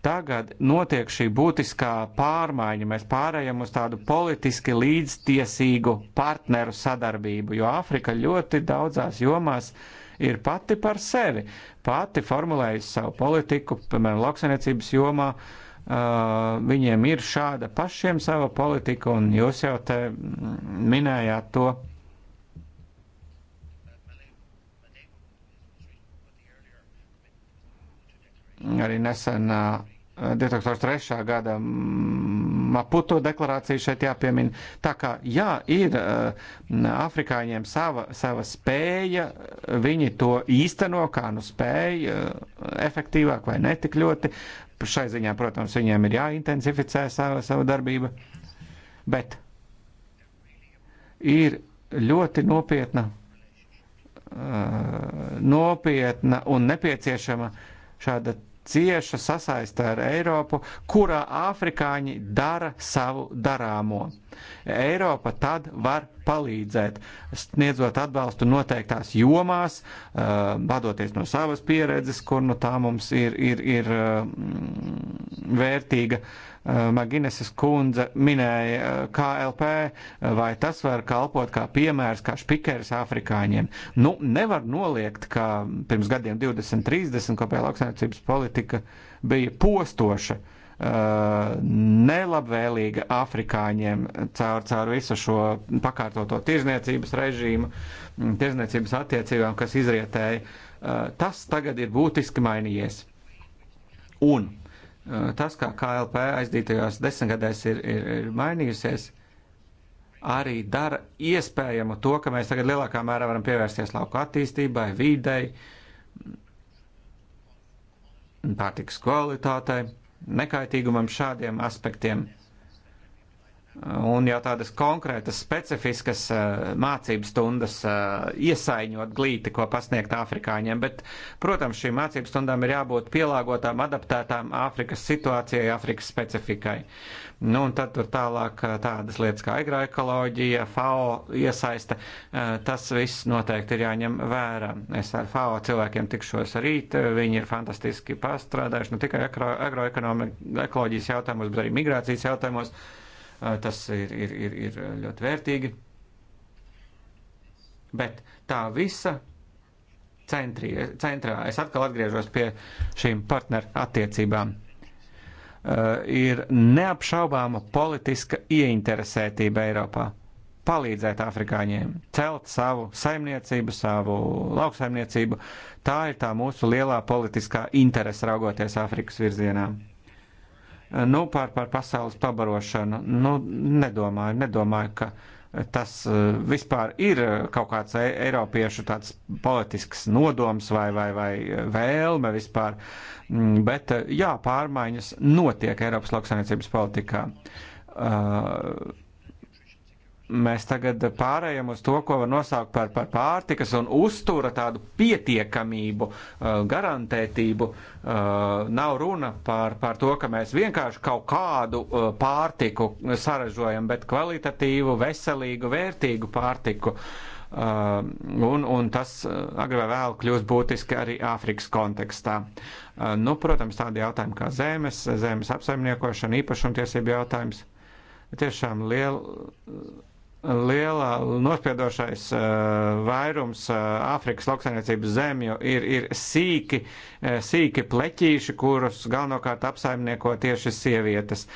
Tagad notiek šī būtiskā pārmaiņa. Mēs pārējām uz tādu politiski līdztiesīgu partneru sadarbību, jo Āfrika ļoti daudzās jomās uh, ir pati par sevi, pati formulējusi savu politiku, piemēram, lauksainiecības jomā. Uh, viņiem ir šāda pašiem sava politika, un jūs jau te minējāt to. Arī nesen uh, 2003. gada Maputo deklarācija šeit jāpiemina. Tā kā, jā, ir eh, afrikāņiem sava, sava spēja, viņi to īsteno, kā nu spēja, eh, efektīvāk vai netik ļoti. Šai ziņā, protams, viņiem ir jāintensificē sava, sava darbība, bet ir ļoti nopietna, eh, nopietna un nepieciešama šāda cieša sasaistē ar Eiropu, kurā afrikāņi dara savu darāmo. Eiropa tad var palīdzēt, sniedzot atbalstu noteiktās jomās, vadoties no savas pieredzes, kur no nu, tā mums ir, ir, ir vērtīga Eh, Magineses kundze minēja eh, KLP, eh, vai tas var kalpot kā piemērs, kā špikeris afrikāņiem. Nu, nevar noliegt, ka pirms gadiem 20, 30 kopējā lauksaimniecības politika bija postoša. Uh, nelabvēlīga afrikāņiem caur, caur visu šo pakārtoto tirzniecības režīmu, mm, tirzniecības attiecībām, kas izrietēja. Uh, tas tagad ir būtiski mainījies. Un Eh, tas, kā KLP aizdītajos desmitgadēs ir, ir, ir mainījusies, arī dara iespējamu to, ka mēs tagad lielākā mērā varam pievērsties lauku attīstībai, vīdei, pārtikas kvalitātei, nekaitīgumam šādiem aspektiem. Un jau tādas konkrētas, specifiskas eh, mācības stundas eh, iesaiņot glīti, ko pasniegt afrikāņiem. Bet, protams, šīm mācības stundām ir jābūt pielāgotām, adaptētām Āfrikas situācijai, Āfrikas specifikai. Nu, un tad tur tālāk eh, tādas lietas kā agroekoloģija, FAO iesaista, tas viss noteikti ir jāņem vērā. Es ar FAO cilvēkiem tikšos rīt, viņi ir fantastiski pastrādājuši ne nu, tikai agro, agroekoloģijas jautājumos, bet arī migrācijas jautājumos. Eh, tas ir, ir, ir, ir ļoti vērtīgi. Bet tā visa centri, centrā, es atkal atgriežos pie šīm partneru attiecībām, eh, ir neapšaubāma politiska ieinteresētība Eiropā palīdzēt afrikāņiem, celt savu saimniecību, savu lauksaimniecību. Tā ir tā mūsu lielā politiskā interese raugoties Afrikas virzienā. Nu, par, par pasaules pabarošanu. Nu, nedomāju, nedomāju, ka tas e, vispār ir kaut kāds e, eiropiešu tāds politisks nodoms vai, vai, vai vēlme vispār. Mm, bet e, jā, pārmaiņas notiek Eiropas lauksainiecības politikā. Uh, mēs tagad pārējām uz to, ko var nosaukt par, par pārtikas un uztura tādu pietiekamību, uh, garantētību. Uh, nav runa par, par to, ka mēs vienkārši kaut kādu uh, pārtiku saražojam, bet kvalitatīvu, veselīgu, vērtīgu pārtiku. Uh, un, un tas agrāk vai vēlāk kļūs būtiski arī Āfrikas kontekstā. Uh, nu, protams, tādi jautājumi kā zemes, zemes apsaimniekošana, īpašumtiesību jautājums. Tiešām liela lielā nospiedošais eh, vairums eh, Āfrikas lauksainiecības zemju ir, ir sīki, eh, sīki pleķīši, kurus galvenokārt apsaimnieko tieši sievietes.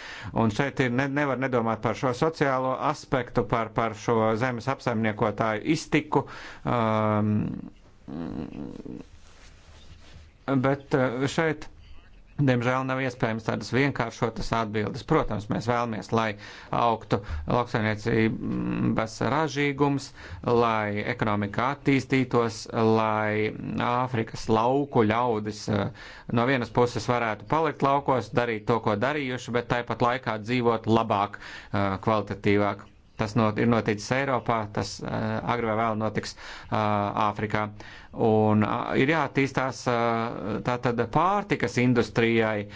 Un šeit ir, ne, nevar nedomāt par šo sociālo aspektu, par, par šo zemes apsaimniekotāju iztiku. Um, bet šeit Diemžēl nav iespējams tādas vienkāršotas atbildes. Protams, mēs vēlamies, lai augtu lauksaimniecības ražīgums, lai ekonomika attīstītos, lai Āfrikas lauku ļaudis eh, no vienas puses varētu palikt laukos, darīt to, ko darījuši, bet tāpat laikā dzīvot labāk, eh, kvalitatīvāk. Tas not, ir noticis Eiropā, tas uh, eh, agrāk vai vēl notiks uh, Āfrikā. Un uh, ir jātīstās uh, tātad pārtikas industrijai uh,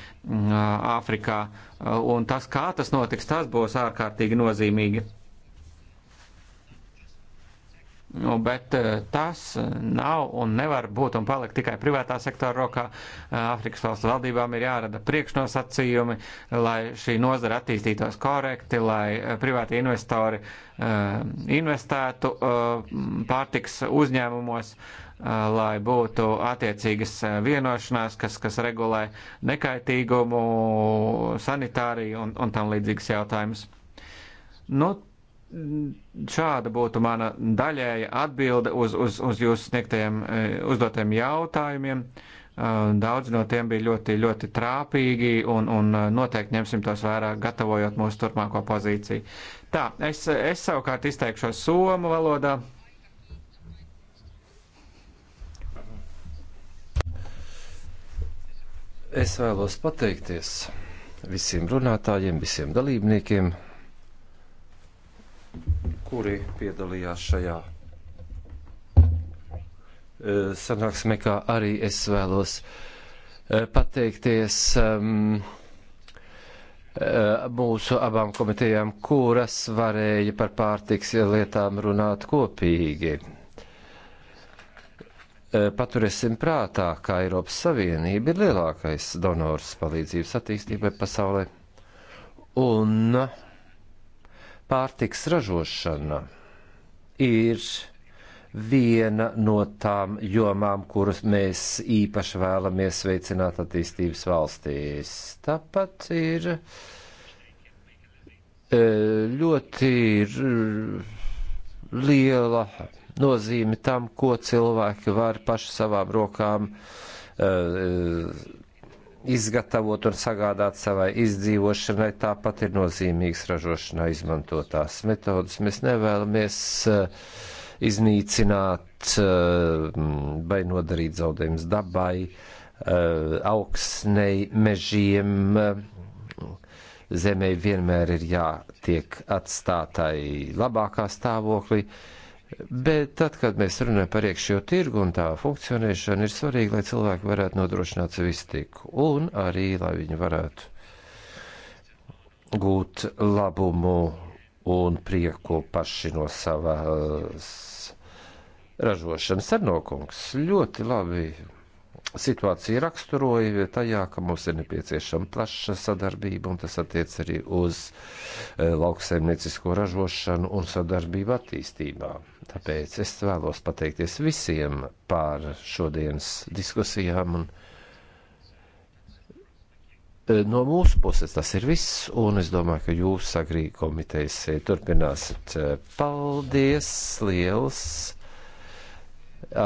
Āfrikā, uh, un tas, kā tas notiks, tas būs ārkārtīgi nozīmīgi. Nu, bet eh, tas eh, nav un nevar būt un palikt tikai privātā sektora rokā. Eh, Afrikas valstu valdībām ir jārada priekšnosacījumi, lai šī nozara attīstītos korekti, lai privāti investori investētu pārtiks uzņēmumos, lai būtu attiecīgas vienošanās, kas, kas regulē nekaitīgumu, sanitāriju un, un tam līdzīgas jautājumus. Nu, šāda būtu mana daļēja atbilde uz, uz, uz jūsu sniegtajiem e, uzdotiem jautājumiem. E, daudz no tiem bija ļoti, ļoti trāpīgi un, un e, noteikti ņemsim tos vērā, gatavojot mūsu turpmāko pozīciju. Tā, es, es savukārt izteikšos somu valodā. Es vēlos pateikties visiem runātājiem, visiem dalībniekiem kuri piedalījās šajā e, sanāksmē, kā arī es vēlos e, pateikties um, mūsu abām komitejām, kuras varēja par pārtiks lietām runāt kopīgi. Paturēsim prātā, ka Eiropas Savienība ir lielākais donors palīdzības attīstībai pasaulē. Un uh, Pārtiks ražošana ir viena no tām jomām, kuras mēs īpaši vēlamies veicināt attīstības valstīs. Tāpat ir e, ļoti liela nozīme tam, ko cilvēki var paši savām rokām uh, izgatavot un sagādāt savai izdzīvošanai, tāpat ir nozīmīgs ražošanā izmantotās metodas. Mēs nevēlamies eh, iznīcināt eh, vai nodarīt zaudējumus dabai, eh, augsnei, mežiem. Zemē vienmēr ir jātiek atstātai labākā stāvoklī. Uh, Bet tad, kad mēs runājam par iekšējo tirgu un tā funkcionēšanu, ir svarīgi, lai cilvēki varētu nodrošināt sev iztiku un arī, lai viņi varētu gūt labumu un prieku paši no savas ražošanas. Sarnokungs ļoti labi situācija raksturoja tajā, ka mums ir nepieciešama plaša sadarbība, un tas attiec arī uz eh, lauksaimniecisko ražošanu un sadarbību attīstībā. Tāpēc es vēlos pateikties visiem par šodienas diskusijām. Un e, no mūsu puses tas ir viss, un es domāju, ka jūs agrī komitejas e, turpināsiet. E, paldies liels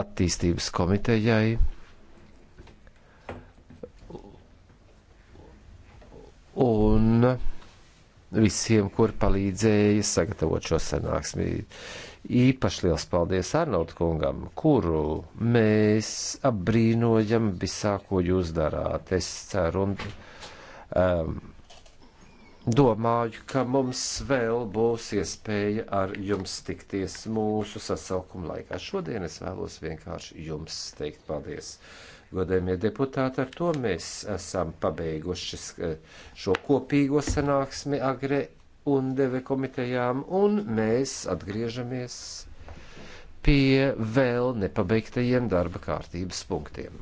attīstības komitejai. Un visiem, kur palīdzēja sagatavot šo sanāksmi. Īpaši liels paldies Arnaut kungam, kuru mēs apbrīnojam visā, ko jūs darāt. Es ceru un um, domāju, ka mums vēl būs iespēja ar jums tikties mūsu sasaukuma laikā. Šodien es vēlos vienkārši jums teikt paldies. Godējumie deputāti, ar to mēs esam pabeiguši uh, šo kopīgo sanāksmi Agre un deve komitejām, un mēs atgriežamies pie vēl nepabeigtajiem darba kārtības punktiem.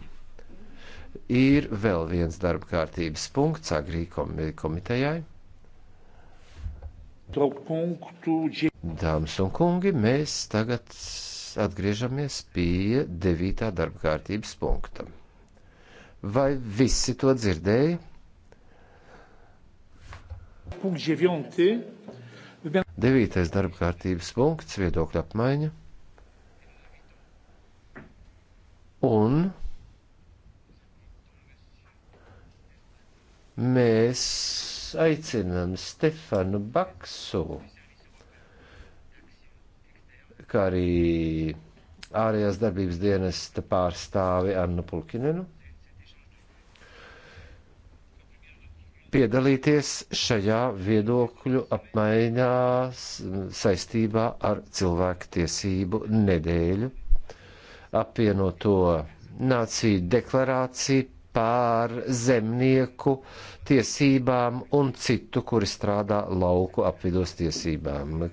Ir vēl viens darba kārtības punkts agrī komitejai. Dāmas un kungi, mēs tagad atgriežamies pie devītā darba kārtības punkta. Vai visi to dzirdēja? Devītais darba kārtības punkts - viedokļa apmaiņa. Un mēs aicinām Stefanu Baksu, kā arī ārējās darbības dienesta pārstāvi Annu Pulkinenu. piedalīties šajā viedokļu apmaiņā saistībā ar cilvēku tiesību nedēļu apvienoto nāciju deklarāciju pār zemnieku tiesībām un citu, kuri strādā lauku apvidos tiesībām.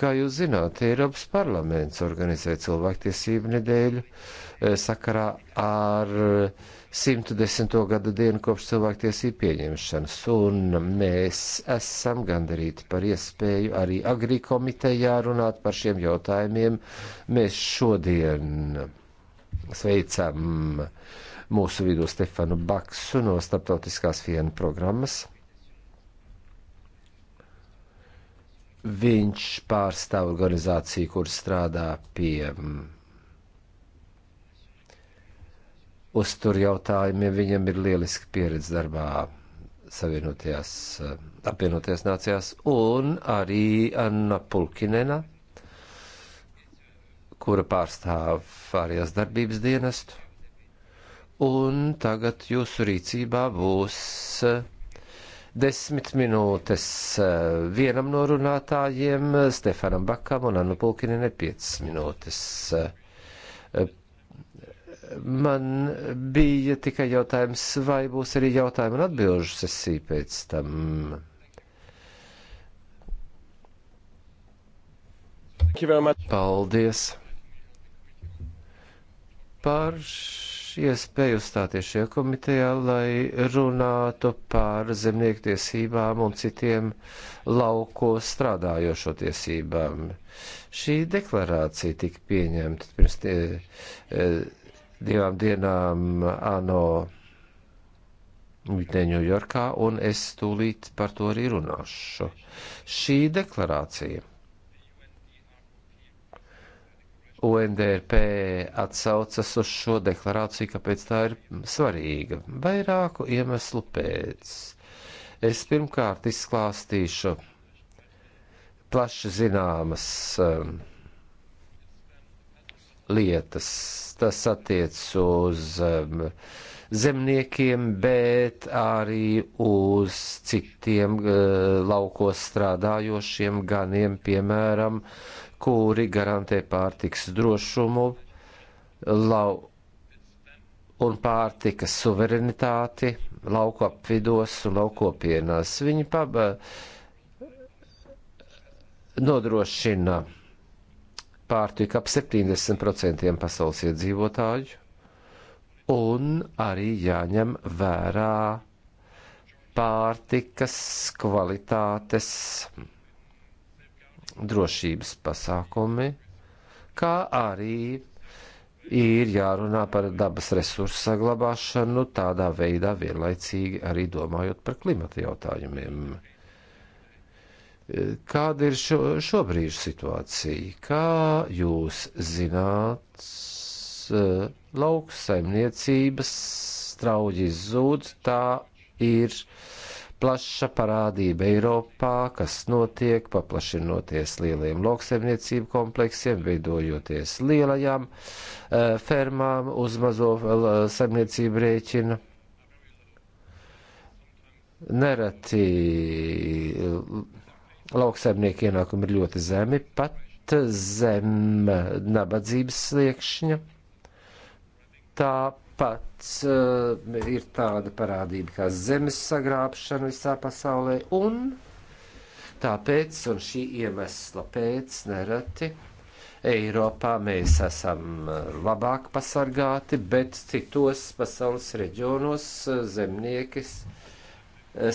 Kā jūs zināt, Eiropas parlaments organizē cilvēktiesību nedēļu e, sakarā ar 110. gada dienu kopš cilvēktiesību pieņemšanas, un mēs esam gandarīti par iespēju arī agrī komitejā runāt par šiem jautājumiem. Mēs šodien sveicam mūsu vidū Stefanu Baksu no Startautiskās viena programmas Viņš pārstāv organizāciju, kur strādā pie mm, uztur jautājumiem. Viņam ir lieliski pieredze darbā Savienotajās, eh, apvienotajās nācijās un arī Anna Pulkinena, kura pārstāv ārējās darbības dienestu. Un tagad jūsu rīcībā būs uh, desmit minūtes eh, vienam no runātājiem, Stefanam Bakam un Annu Pulkinene piecas minūtes. Eh, man bija tikai jautājums, vai būs arī jautājumu un atbilžu sesija pēc tam. Paldies par iespēju uzstāties šajā komitejā, lai runātu par zemnieku tiesībām un citiem lauko strādājošo tiesībām. Šī deklarācija tika pieņemta pirms tie, e, divām dienām ANO Ņujorkā, un es tūlīt par to arī runāšu. Šī deklarācija UNDRP atsaucas uz šo deklarāciju, kāpēc tā ir svarīga. Vairāku iemeslu pēc. Es pirmkārt izklāstīšu plaši zināmas um, lietas. Tas attiec uz um, zemniekiem, bet arī uz citiem uh, laukos strādājošiem ganiem, piemēram, uh, kuri garantē pārtiks drošumu lau, un pārtikas suverenitāti lauku apvidos un laukopienās. Viņi paba, nodrošina pārtika ap 70% pasaules iedzīvotāju, un arī jāņem vērā pārtikas kvalitātes drošības pasākumi, kā arī ir jārunā par dabas resursu saglabāšanu tādā veidā vienlaicīgi arī domājot par klimata jautājumiem. Kāda ir šo, šobrīd situācija? Kā jūs zināt, lauksaimniecības strauji zūd, tā ir uh, plaša parādība Eiropā, kas notiek, paplašinoties lieliem lauksaimniecību kompleksiem, veidojoties lielajām uh, fermām uz mazo uh, saimniecību rēķina. Nereti eh, lauksaimnieku ienākumi ir ļoti zemi, pat zem nabadzības sliekšņa. Tā Pats uh, ir tāda parādība kā zemes sagrābšana visā pasaulē, un tāpēc, un šī iemesla pēc, nereti Eiropā mēs esam eh, labāk pasargāti, bet citos pasaules reģionos eh, zemniekis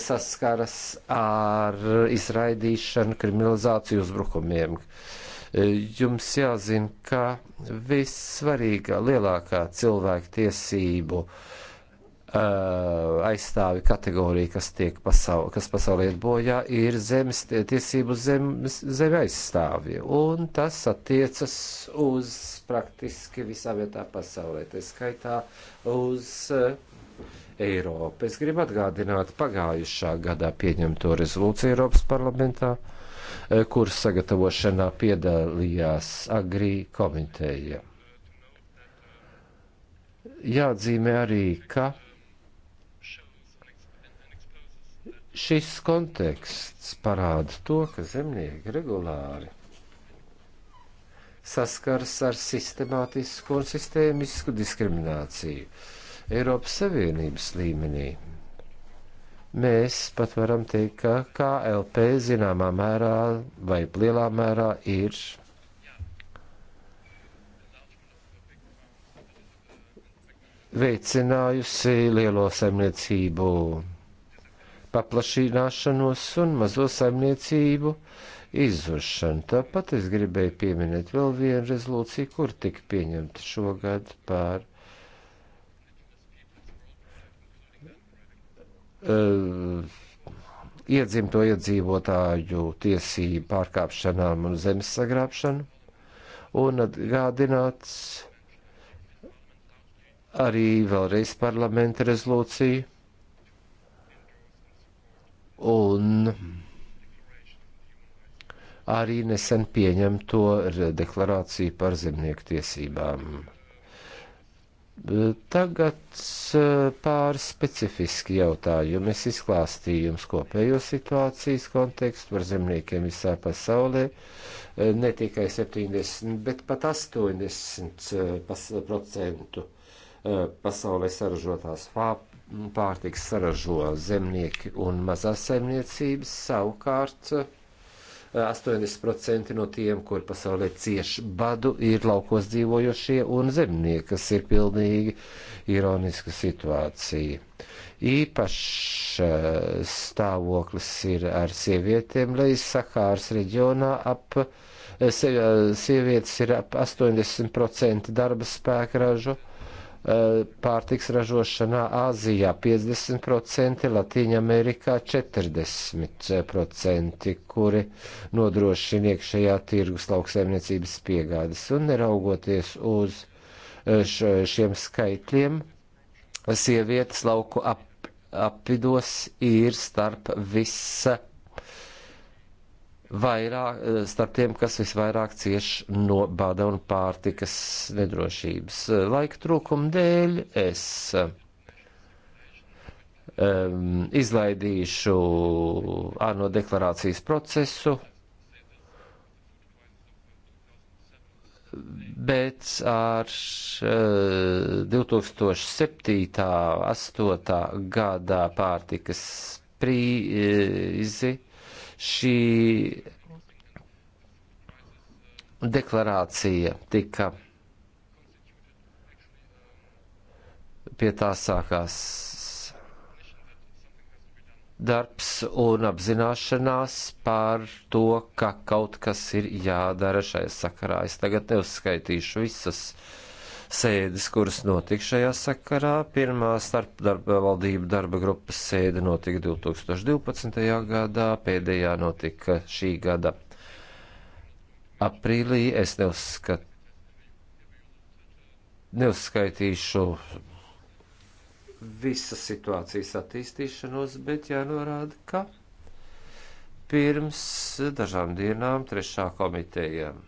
saskaras ar izraidīšanu, kriminalizāciju uzbrukumiem. Uh, E, jums jāzina, ka vissvarīgā lielākā cilvēku tiesību e, aizstāvi kategorija, kas, pasaul, kas pasaulē iet bojā, ir zemes tiesību zem, zeme aizstāvji. Un tas attiecas uz praktiski visā vietā pasaulē, tā skaitā uz e, Eiropu. Es gribu atgādināt pagājušā gadā pieņemto rezolūciju Eiropas parlamentā. Uh, Eh, kuras sagatavošanā piedalījās agrī komiteja. Jāatzīmē arī, ka šis konteksts parāda to, ka zemnieki regulāri saskars ar sistemātisku un sistēmisku diskrimināciju Eiropas Savienības līmenī. Mēs pat varam teikt, ka KLP zināmā mērā vai lielā mērā ir veicinājusi lielo saimniecību paplašināšanos un mazo saimniecību izzušanu. Tāpat es gribēju pieminēt vēl vienu rezolūciju, kur tika pieņemta šogad par Eh, iedzimto iedzīvotāju tiesību pārkāpšanām un zemes sagrābšanu, un atgādināts arī vēlreiz parlamenta rezolūcija un arī nesen pieņemto deklarāciju par zemnieku tiesībām. Tagad eh, pāris specifiski jautājumi. Es izklāstīju jums kopējo situācijas kontekstu par zemniekiem visā pasaulē. Eh, ne tikai 70, bet pat 80% eh, pasaulē saražotās pārtiks saražo zemnieki un mazās saimniecības savukārt 80% no tiem, kuri pasaulē cieš badu, ir laukos dzīvojošie un zemnieki, kas ir pilnīgi ironiska situācija. Īpašs eh, stāvoklis ir ar sievietēm, lai Sahāras reģionā ap eh, eh, sievietes ir ap 80% darba spēka ražu Eh, pārtiks ražošanā Āzijā 50%, Latīņa Amerikā 40%, kuri nodrošina iekšējā tirgus lauksaimniecības piegādes. Un neraugoties uz eh, šiem skaitļiem, sievietes lauku ap, apvidos ir starp visa vairāk, eh, starp tiem, kas visvairāk cieš no bada un pārtikas nedrošības. Eh, laika trūkuma dēļ es um, izlaidīšu ārno deklarācijas procesu, bet ar uh, 2007. 8. gadā pārtikas prīzi. Uh, Šī deklarācija tika pie tā sākās darbs un apzināšanās par to, ka kaut kas ir jādara šajā sakarā. Es tagad neuzskaitīšu visas uh, sēdes, kuras notika šajā sakarā. Pirmā starpdarba valdība darba grupas sēde notika 2012. gadā, pēdējā notika šī gada aprīlī. Es neuzskat, neuzskaitīšu visas situācijas attīstīšanos, bet jānorāda, ka pirms dažām dienām trešā komitejām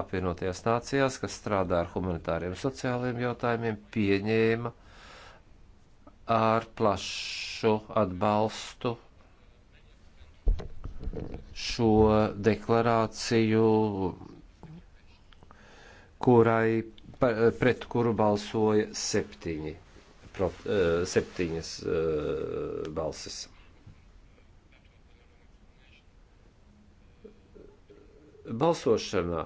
apvienotajās nācijās, kas strādā ar humanitāriem sociāliem jautājumiem, pieņēma ar plašu atbalstu šo deklarāciju, kurai pret kuru balsoja septiņi, eh, septiņas eh, balsis. balsošanā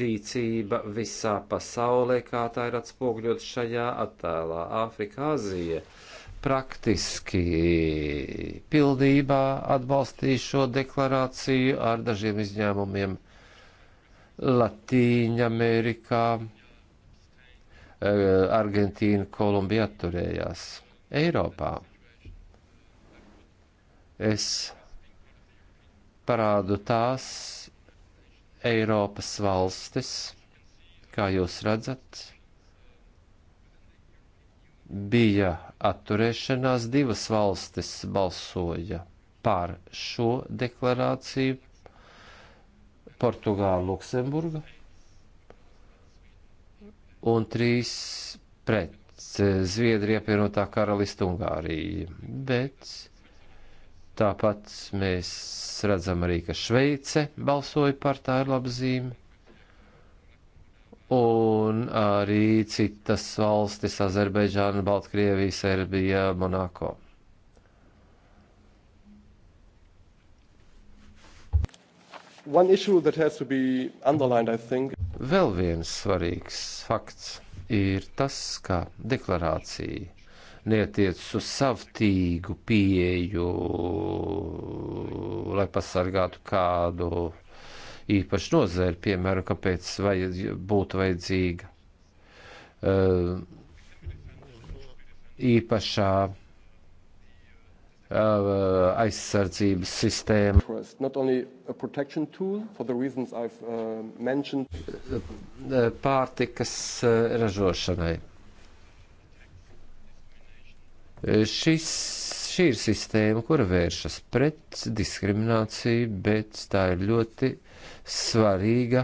rīcība visā pasaulē, kā tā ir atspogļot šajā attēlā, Āfrika, Azija, praktiski pildībā atbalstīja šo deklarāciju ar dažiem izņēmumiem Latīņa Amerikā, eh, Argentīna, Kolumbija atturējās Eiropā. Es parādu tās Eiropas valstis, kā jūs redzat, bija atturēšanās, divas valstis balsoja par šo deklarāciju - Portugāla, Luksemburga un trīs pret Zviedrija, apvienotā karalista Ungārija. Bet Tāpat mēs redzam arī, ka Šveice balsoja par tā ir laba zīme. Un arī citas valstis - Azerbaidžāna, Baltkrievija, Serbija, Monako. Think... Vēl viens svarīgs fakts ir tas, ka deklarācija netiec uz savtīgu pieeju, lai pasargātu kādu īpašu nozēru, piemēram, kāpēc vajadz, būtu vajadzīga uh, īpašā eh, aizsardzības sistēma. Eh, pārtikas ražošanai. Šis, šī ir sistēma, kura vēršas pret diskrimināciju, bet tā ir ļoti svarīga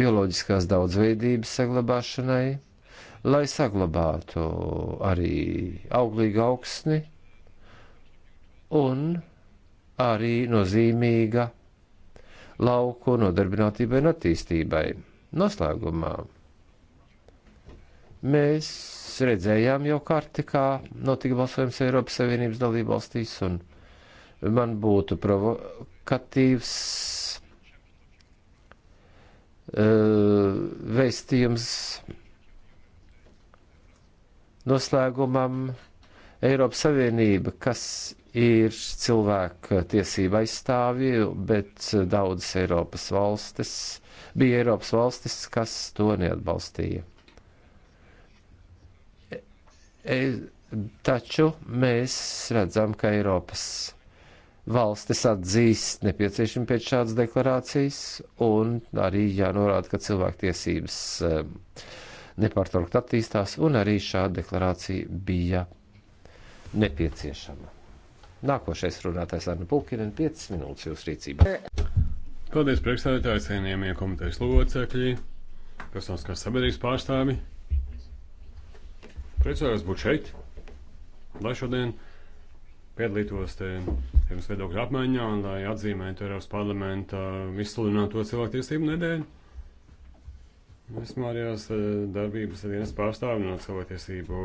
bioloģiskās daudzveidības saglabāšanai, lai saglabātu arī auglīgu augsni un arī nozīmīga lauku nodarbinātībai un attīstībai. Noslēgumā Mēs redzējām jau karti, kā notika balsojums Eiropas Savienības dalībvalstīs, un man būtu provokatīvs uh, vēstījums noslēgumam Eiropas Savienība, kas ir cilvēka tiesība aizstāvji, bet daudzas Eiropas valstis bija Eiropas valstis, kas to neatbalstīja. E, taču mēs redzam, ka Eiropas valstis atzīst nepieciešami pēc šādas deklarācijas, un arī jānorāda, ka cilvēktiesības e, nepārtraukt attīstās, un arī šāda deklarācija bija nepieciešama. Nākošais runātājs Arna Pulkinen, 5 minūtes jūsu rīcībā. Paldies, priekšstādātāji, cienījamie komitejas locekļi, personas kā sabiedrības pārstāvi. Priecājos būt šeit, lai šodien piedalītos te pirms viedokļu apmaiņā un lai atzīmētu Eiropas parlamenta izsludināto cilvēktiesību nedēļu. Esmu arī eh, darbības dienas pārstāvi no cilvēktiesību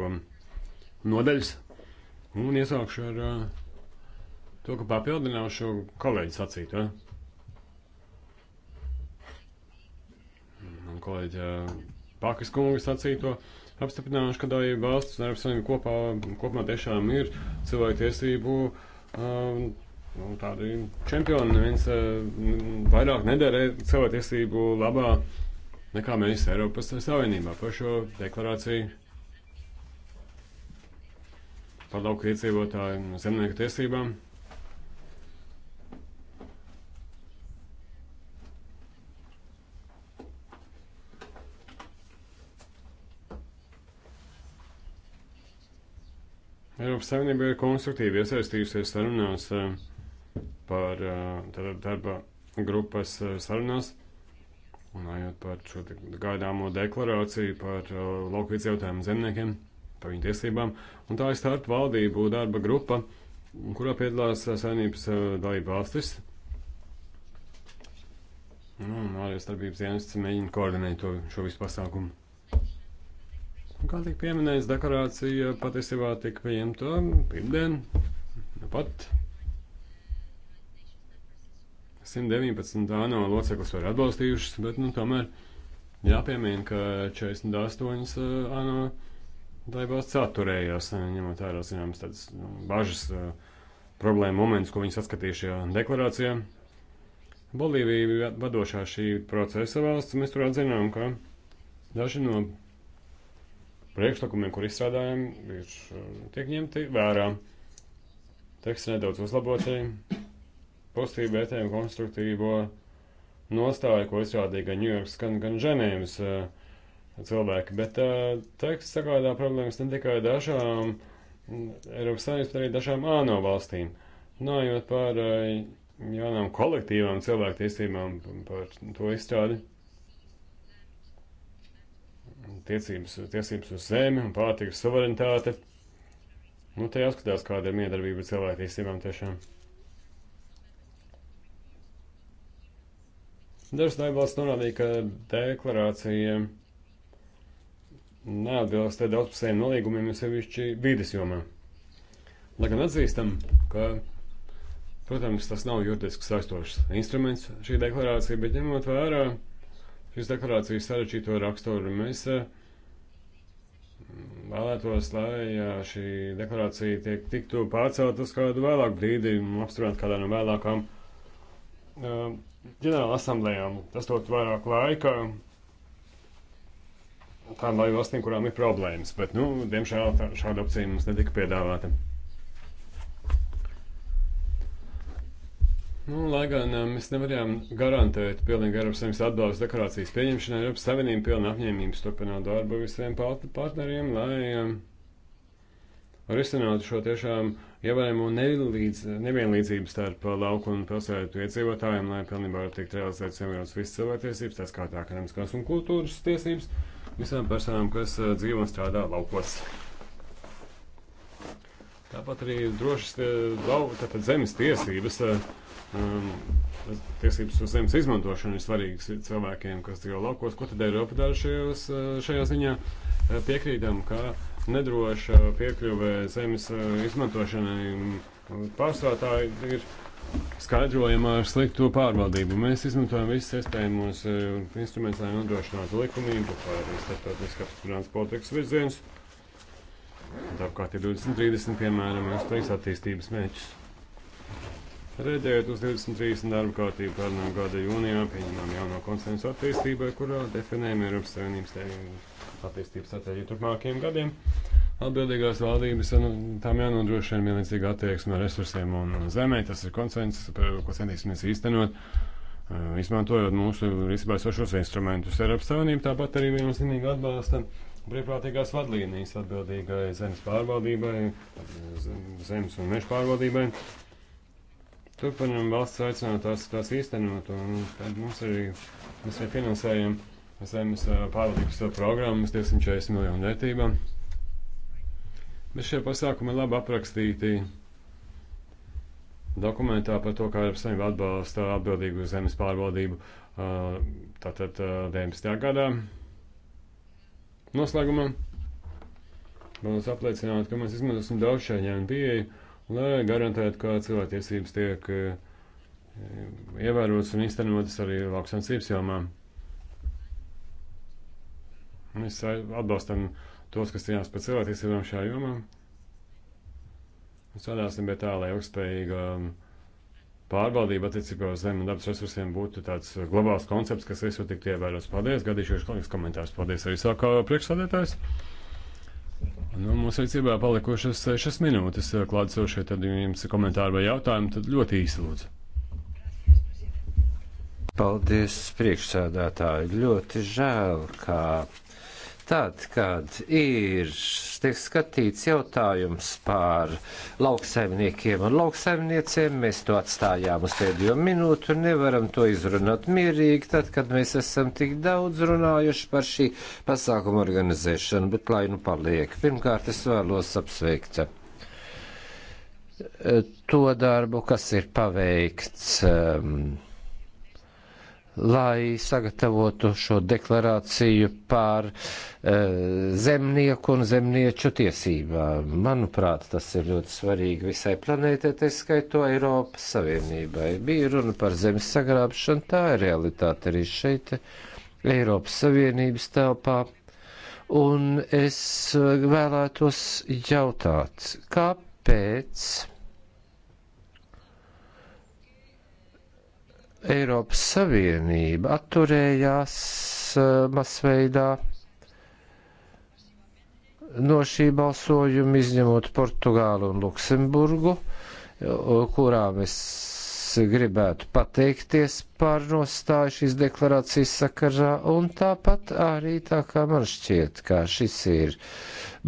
nodaļas un iesākšu ar eh, to, ka papildināšu kolēģi sacītu. Ja? Un kolēģi eh, Pakas kungu sacīto. to apstiprinājuši, ka dalība valsts un Eiropas Savienība kopā, kopumā tiešām ir cilvēktiesību um, nu, tādi čempioni. Neviens uh, vairāk nedara cilvēktiesību labā nekā mēs Eiropas Savienībā par šo deklarāciju par lauku iedzīvotāju zemnieku tiesībām. Eiropas Savienība ir konstruktīvi iesaistījusies sarunās eh, par eh, tātad, darba grupas eh, sarunās, runājot par šo gaidāmo deklarāciju par laukvīdz jautājumu zemniekiem, par viņu tiesībām. Un tā ir starp valdību darba grupa, kurā piedalās Savienības dalība valstis. Nu, un arī starpības dienas mēģina koordinēt to, šo visu pasākumu kā tika pieminēts, deklarācija patiesībā tika pieņemta pirmdien, nu pat 119 ANO loceklis var atbalstījušas, bet, nu, tomēr jāpiemina, ka 48 eh, ANO daibās atturējās, eh, ņemot vērā, zināms, tādas nu, bažas eh, problēma moments, ko viņi saskatīja šajā deklarācijā. Bolīvija vadošā šī procesa valsts, mēs tur atzinām, ka daži no priekšlikumiem, kur izstrādājam, ir, eh, tiek ņemti vērā. Teksti nedaudz uzlaboti, pozitīvi vērtējumi konstruktīvo nostāju, ko izrādīja gan Ņujorks, gan, gan Ženēmas eh, cilvēki. Bet uh, teksts sagādā problēmas ne tikai dažām mm, Eiropas Savienības, bet arī dažām ANO valstīm. Runājot par uh, jaunām kolektīvām cilvēktiesībām, par to izstrādi tiecības, tiesības uz zemi un pārtikas suverenitāte. Nu, te jāskatās, kāda ir miedarbība cilvēktiesībām tiešām. Dažas daļvalsts norādīja, ka deklarācija neatbilst te daudzpusējiem nolīgumiem, jo sevišķi vīdes jomā. Lai gan atzīstam, ka, protams, tas nav juridiski saistošs instruments šī deklarācija, bet ņemot vērā, uh, šīs deklarācijas sarežģīto raksturu. Mēs eh, vēlētos, lai eh, šī deklarācija tiek tiktu pārcelt uz kādu vēlāku brīdi un apstrādāt kādā no vēlākām eh, ģenerāla asamblējām. Tas dot vairāk laika tām valstīm, kurām ir problēmas, bet, nu, diemžēl tā, šāda opcija mums netika piedāvāta. Nu, lai gan mēs nevarējām garantēt pilnīgi Eiropas Savienības atbalstu deklarācijas pieņemšanai, Eiropas Savienība pilna apņēmības turpināt darbu visiem partneriem, lai um, risinātu šo tiešām ievērojamo nelīdz, nevienlīdzību starp lauku un pilsētu iedzīvotājiem, lai pilnībā varētu tikt realizētas ievērojams visas cilvēktiesības, tā kā tā akademiskās un kultūras tiesības visām personām, kas dzīvo un strādā laukos. Tāpat arī drošas eh, tātad, zemes tiesības, eh, um, tiesības uz zemes izmantošanu ir svarīgas cilvēkiem, kas dzīvo laukos. Ko tad Eiropa dara šajos, eh, šajā ziņā? Piekrītam, ka nedroša piekļuve zemes izmantošanai mm, pārsvarā ir skaidrojama ar sliktu pārvaldību. Mēs izmantojam visus iespējamos instrumentus, lai nodrošinātu likumību, kā arī starptautiskās finanses politikas virzienus. Tāpkārt ir 2030, piemēram, un trīs attīstības mērķus. Rēģējot uz 2030 darba kārtību pērnām gada jūnijā, pieņemām jauno konsensu attīstībai, kurā definējam Eiropas Savienības attīstības stratēģiju turpmākajiem gadiem. Atbildīgās valdības nu, tām jānodrošina vienlīdzīga attieksme ar resursiem un zemē. Tas ir konsensus, ko centīsimies īstenot, izmantojot mūsu visībā sošos instrumentus. Eiropas Savienība tāpat arī viennozīmīgi atbalsta Brīvprātīgās vadlīnijas atbildīgai zemes pārvaldībai, zemes un meža pārvaldībai. Turpinam valsts aicināt tās, tās īstenot, un tad mums arī, mēs arī finansējam zemes pārvaldības programmas 240 miljonu vērtībām. Bet šie pasākumi ir labi aprakstīti dokumentā par to, kā Eiropas Savienība atbalsta atbildīgu zemes pārvaldību tātad 19. gadā. Noslēgumā vēlos apliecināt, ka mēs izmantosim daudz šādu pieeju, lai garantētu, ka cilvēktiesības tiek eh, ievērotas un īstenotas arī lauksaimniecības jomā. Mēs atbalstam tos, kas cīnās par cilvēktiesībām šajā jomā. Strādāsim pie tā, lai ilgspējīga. Um, pārvaldība attiecībā uz zemes un dabas resursiem būtu tāds uh, globāls koncepts, kas visur tiktu ievērots. Paldies, gadīšos kolēģis komentārus. Paldies arī sākā priekšsādētājs. Nu, mums rīcībā palikušas sešas minūtes uh, klātsošie, tad jums ir komentāri vai jautājumi, tad ļoti īsi lūdzu. Paldies, priekšsēdētāji. Ļoti žēl, ka. Kā Tad, kad ir tiek skatīts jautājums par lauksaimniekiem un lauksaimniecēm, mēs to atstājām uz pēdējo minūtu un nevaram to izrunāt mierīgi, tad, kad mēs esam tik daudz runājuši par šī pasākuma organizēšanu, bet lai nu paliek. Pirmkārt, es vēlos apsveikt eh, to darbu, kas ir paveikts. Um, lai sagatavotu šo deklarāciju par e, zemnieku un zemnieču tiesībām. Manuprāt, tas ir ļoti svarīgi visai planētē, tā skaito Eiropas Savienībai. Bija runa par zemes sagrābšanu, tā ir realitāte arī šeit, Eiropas Savienības telpā. Un es vēlētos jautāt, kāpēc? Eiropas Savienība atturējās eh, masveidā no šī balsojuma, izņemot Portugālu un Luksemburgu, eh, kurām es gribētu pateikties par nostāju šīs deklarācijas sakarā, un tāpat arī tā kā man šķiet, ka šis ir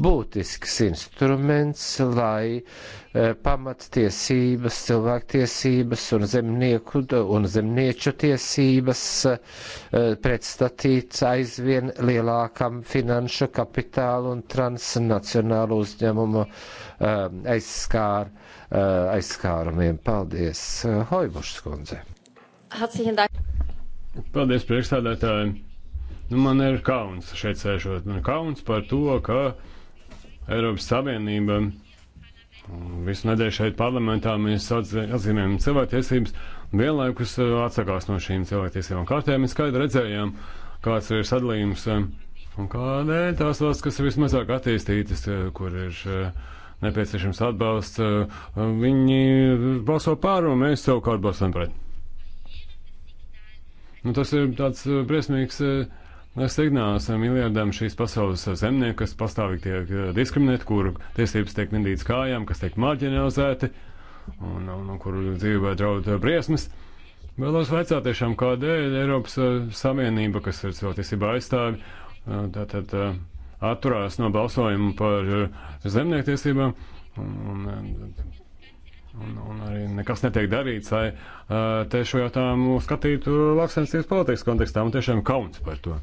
būtisks instruments, lai e, pamattiesības, cilvēktiesības un zemnieku un zemnieču tiesības e, pretstatīts aizvien lielākam finanšu kapitālu un transnacionālu uzņēmumu e, aizskār, e, aizskārumiem. Paldies, e, Hoibušs kundze! Paldies, priekšstādātāji. Nu, man ir kauns šeit sēžot. Man ir kauns par to, ka Eiropas Savienība visu nedēļu šeit parlamentā mēs atzīmējam cilvēktiesības, vienlaikus eh, atsakās no šīm cilvēktiesībām kārtēm. Mēs skaidri redzējām, kāds ir sadalījums eh, un kādēļ tās valsts, kas ir vismazāk attīstītas, eh, kur ir nepieciešams atbalsts, viņi balso pār un mēs savukārt balsojam pret. Nu, tas ir tāds eh, briesmīgs eh, signāls miljardiem šīs pasaules zemnieku, kas pastāvīgi tiek eh, diskriminēti, kuru tiesības tiek mindītas kājām, kas tiek marģinalizēti un, un, un kuru dzīvē draud briesmas. Vēlos vaicāt tiešām, kādēļ Eiropas Savienība, kas ir cilvēktiesība aizstāvi, tātad atturās no balsojuma par zemniektiesībām. Un, un, Un, un arī nekas netiek darīts, lai uh, te šo jautājumu skatītu lauksaimniecības politikas kontekstā. Man tiešām kauns par to.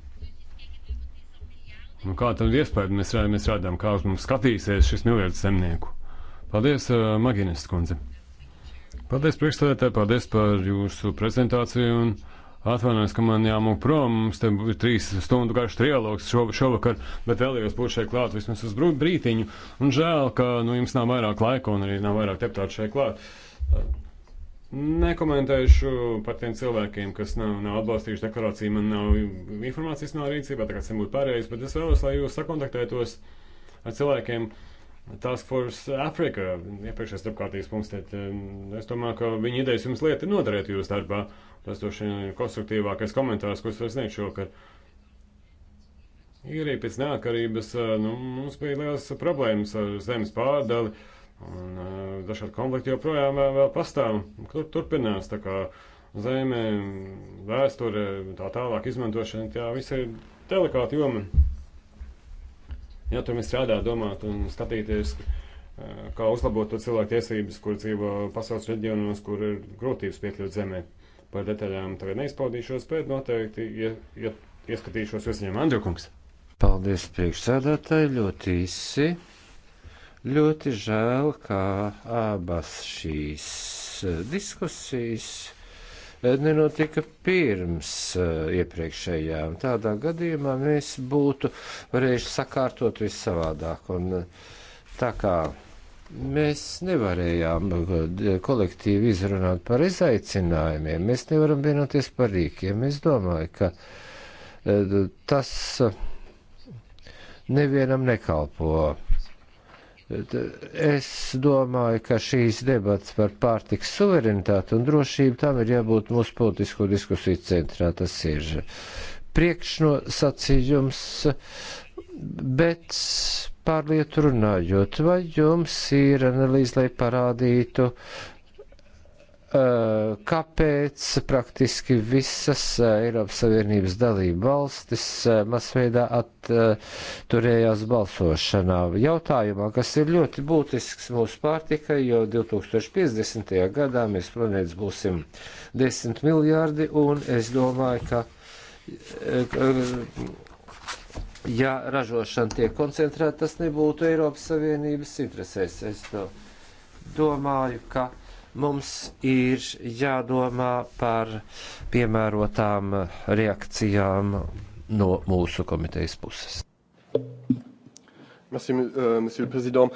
Nu, kā tad iespēja mēs, mēs redzam, kā uz mums skatīsies šis miljards zemnieku? Paldies, uh, Maginis kundze. Paldies, priekšstādētāji, paldies par jūsu prezentāciju. Un, uh, Atvainojos, ka man jāmūk prom, mums te ir trīs stundu garš trialogs šo, šovakar, bet vēlējos būt šeit klāt vismaz uz brītiņu. Un žēl, ka nu, jums nav vairāk laika un arī nav vairāk deputātu šeit klāt. Nekomentēšu par tiem cilvēkiem, kas nav, nav atbalstījuši deklarāciju, man nav informācijas nav rīcībā, tā kā tas būtu pareizi, bet es vēlos, lai jūs sakontaktētos ar cilvēkiem, Task Force Africa, iepriekšējais starpkārtības punkts, tad um, es domāju, ka viņa idejas jums lieta noderētu jūsu darbā. Tas droši vien ir konstruktīvākais komentārs, kurus var sniegt šovakar. Īrija pēc neatkarības nu, mums bija liels problēmas ar zemes pārdali, un dažādi konflikti joprojām vēl, vēl pastāv, tur turpinās. Tā kā zeme, vēsture, tā tālāk izmantošana, tā viss ir delikāta joma. Ja tur mēs strādājam, domāt un skatīties, kā uzlabot to cilvēku tiesības, kur dzīvo pasaules reģionos, kur ir grūtības piekļūt zemē. Par detaļām tagad neizpaudīšos, bet noteikti ja, ja, ieskatīšos jūs viņam, Andriukungs. Paldies priekšsēdētāji, ļoti īsi. Ļoti žēl, ka abas šīs diskusijas eh, nenotika pirms eh, iepriekšējām. Tādā gadījumā mēs būtu varējuši sakārtot visu savādāk. Un eh, tā kā Mēs nevarējām eh, kolektīvi izrunāt par izaicinājumiem, mēs nevaram vienoties par rīkiem. Es domāju, ka eh, tas eh, nevienam nekalpo. Es domāju, ka šīs debats par pārtiks suverenitāti un drošību tam ir jābūt mūsu politisko diskusiju centrā. Tas ir priekšnosacījums Bet par lietu runājot, vai jums ir analīze, lai parādītu, eh, kāpēc praktiski visas eh, Eiropas Savienības dalība valstis eh, masveidā atturējās balsošanā? Jautājumā, kas ir ļoti būtisks mūsu pārtikai, jo 2050. gadā mēs planētas būsim 10 miljārdi, un es domāju, ka ja ražošana tiek koncentrēta, tas nebūtu Eiropas Savienības interesēs. Es to domāju, ka mums ir jādomā par piemērotām reakcijām no mūsu komitejas puses. Merci, euh, monsieur le président.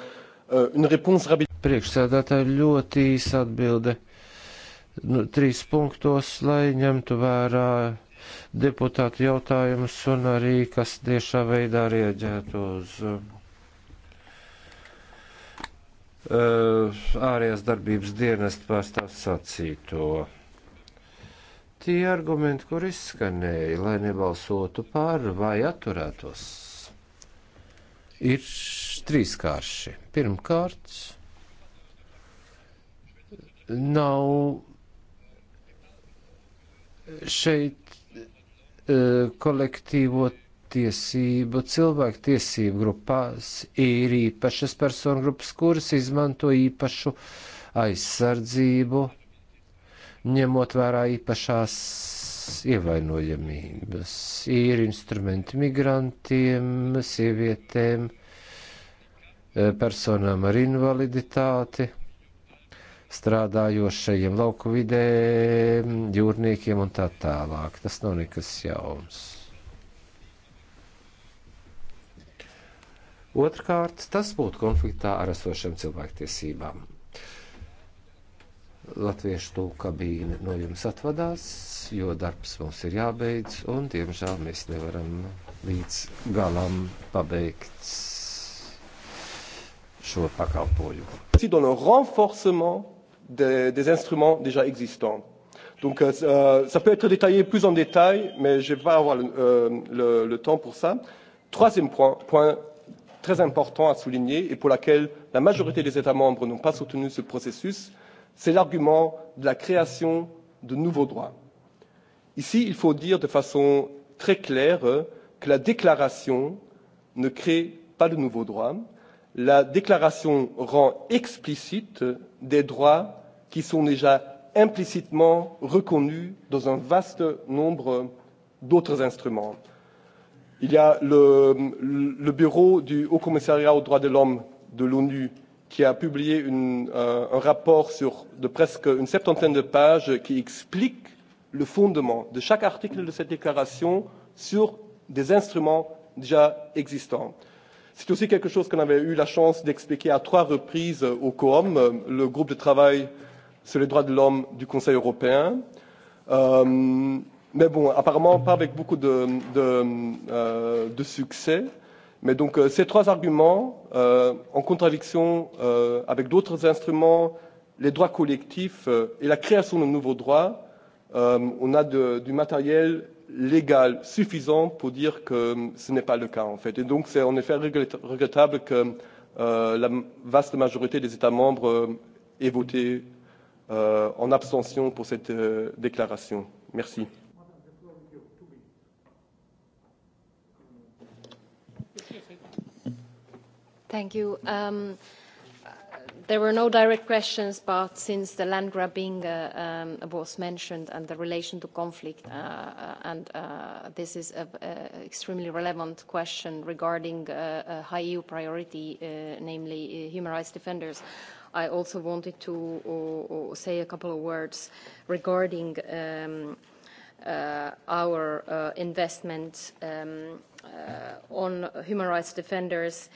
Euh, une réponse rapide. Priekšsēdētāja ļoti īsa atbilde. Nu, trīs punktos, lai ņemtu vērā deputātu jautājumus un arī, kas tiešā veidā rieģētu uz uh, ārējās darbības dienestu pārstāvs sacīto. Tie argumenti, kur izskanēja, lai nebalsotu par vai atturētos, ir trīskārši. Pirmkārt, nav šeit Eh, kolektīvo tiesību, cilvēku tiesību grupās ir īpašas personu grupas, kuras izmanto īpašu aizsardzību, ņemot vērā īpašās ievainojamības. Ir instrumenti migrantiem, sievietēm, eh, personām ar invaliditāti strādājošajiem lauku vidē, jūrniekiem un tā tālāk. Tas nav nekas jauns. Otrkārt, tas būtu konfliktā ar esošiem cilvēktiesībām. Latviešu tūkabīne no jums atvadās, jo darbs mums ir jābeidz, un diemžēl mēs nevaram līdz galam pabeigt šo pakalpojumu des, des instruments déjà existants. Donc euh, euh, ça peut être détaillé plus en détail, mais je ne vais pas avoir le, euh, le, le temps pour ça. Troisième point, point très important à souligner et pour laquelle la majorité des États membres n'ont pas soutenu ce processus, c'est l'argument de la création de nouveaux droits. Ici, il faut dire de façon très claire que la déclaration ne crée pas de nouveaux droits, la déclaration rend explicites des droits qui sont déjà implicitement reconnus dans un vaste nombre d'autres instruments. Il y a le, le bureau du Haut Commissariat aux droits de l'homme de l'ONU qui a publié une, euh, un rapport sur de presque une septantaine de pages qui explique le fondement de chaque article de cette déclaration sur des instruments déjà existants. C'est aussi quelque chose qu'on avait eu la chance d'expliquer à trois reprises au COOM, le groupe de travail sur les droits de l'homme du Conseil européen. Euh, mais bon, apparemment pas avec beaucoup de, de, euh, de succès. Mais donc euh, ces trois arguments, euh, en contradiction euh, avec d'autres instruments, les droits collectifs euh, et la création de nouveaux droits, euh, on a de, du matériel légal suffisant pour dire que ce n'est pas le cas en fait. Et donc c'est en effet regrettable que euh, la vaste majorité des États membres euh, ait voté euh, en abstention pour cette euh, déclaration. Merci. Thank you. Um, There were no direct questions, but since the land grabbing uh, um, was mentioned and the relation to conflict, uh, uh and uh, this is an extremely relevant question regarding uh, a high EU priority, uh, namely human rights defenders, I also wanted to or, or say a couple of words regarding um, uh, our uh, investment um, uh, on human rights defenders. Uh,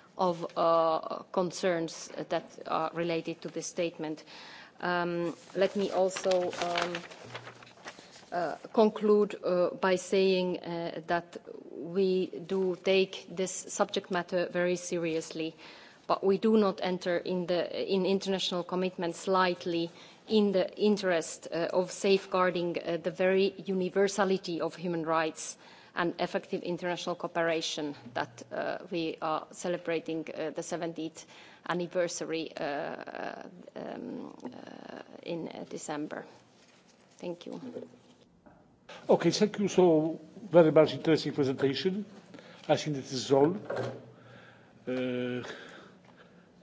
of uh, concerns that are related to this statement. Um, let me also um, uh, conclude uh, by saying uh, that we do take this subject matter very seriously, but we do not enter in, the, in international commitments lightly in the interest uh, of safeguarding uh, the very universality of human rights uh, and effective international cooperation that uh, we are celebrating uh, the 70th anniversary uh, um, uh, in uh, December. Thank you. Okay, thank you so very much interesting presentation. I think this is all. Uh,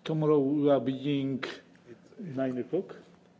tomorrow we are beginning 9 o'clock.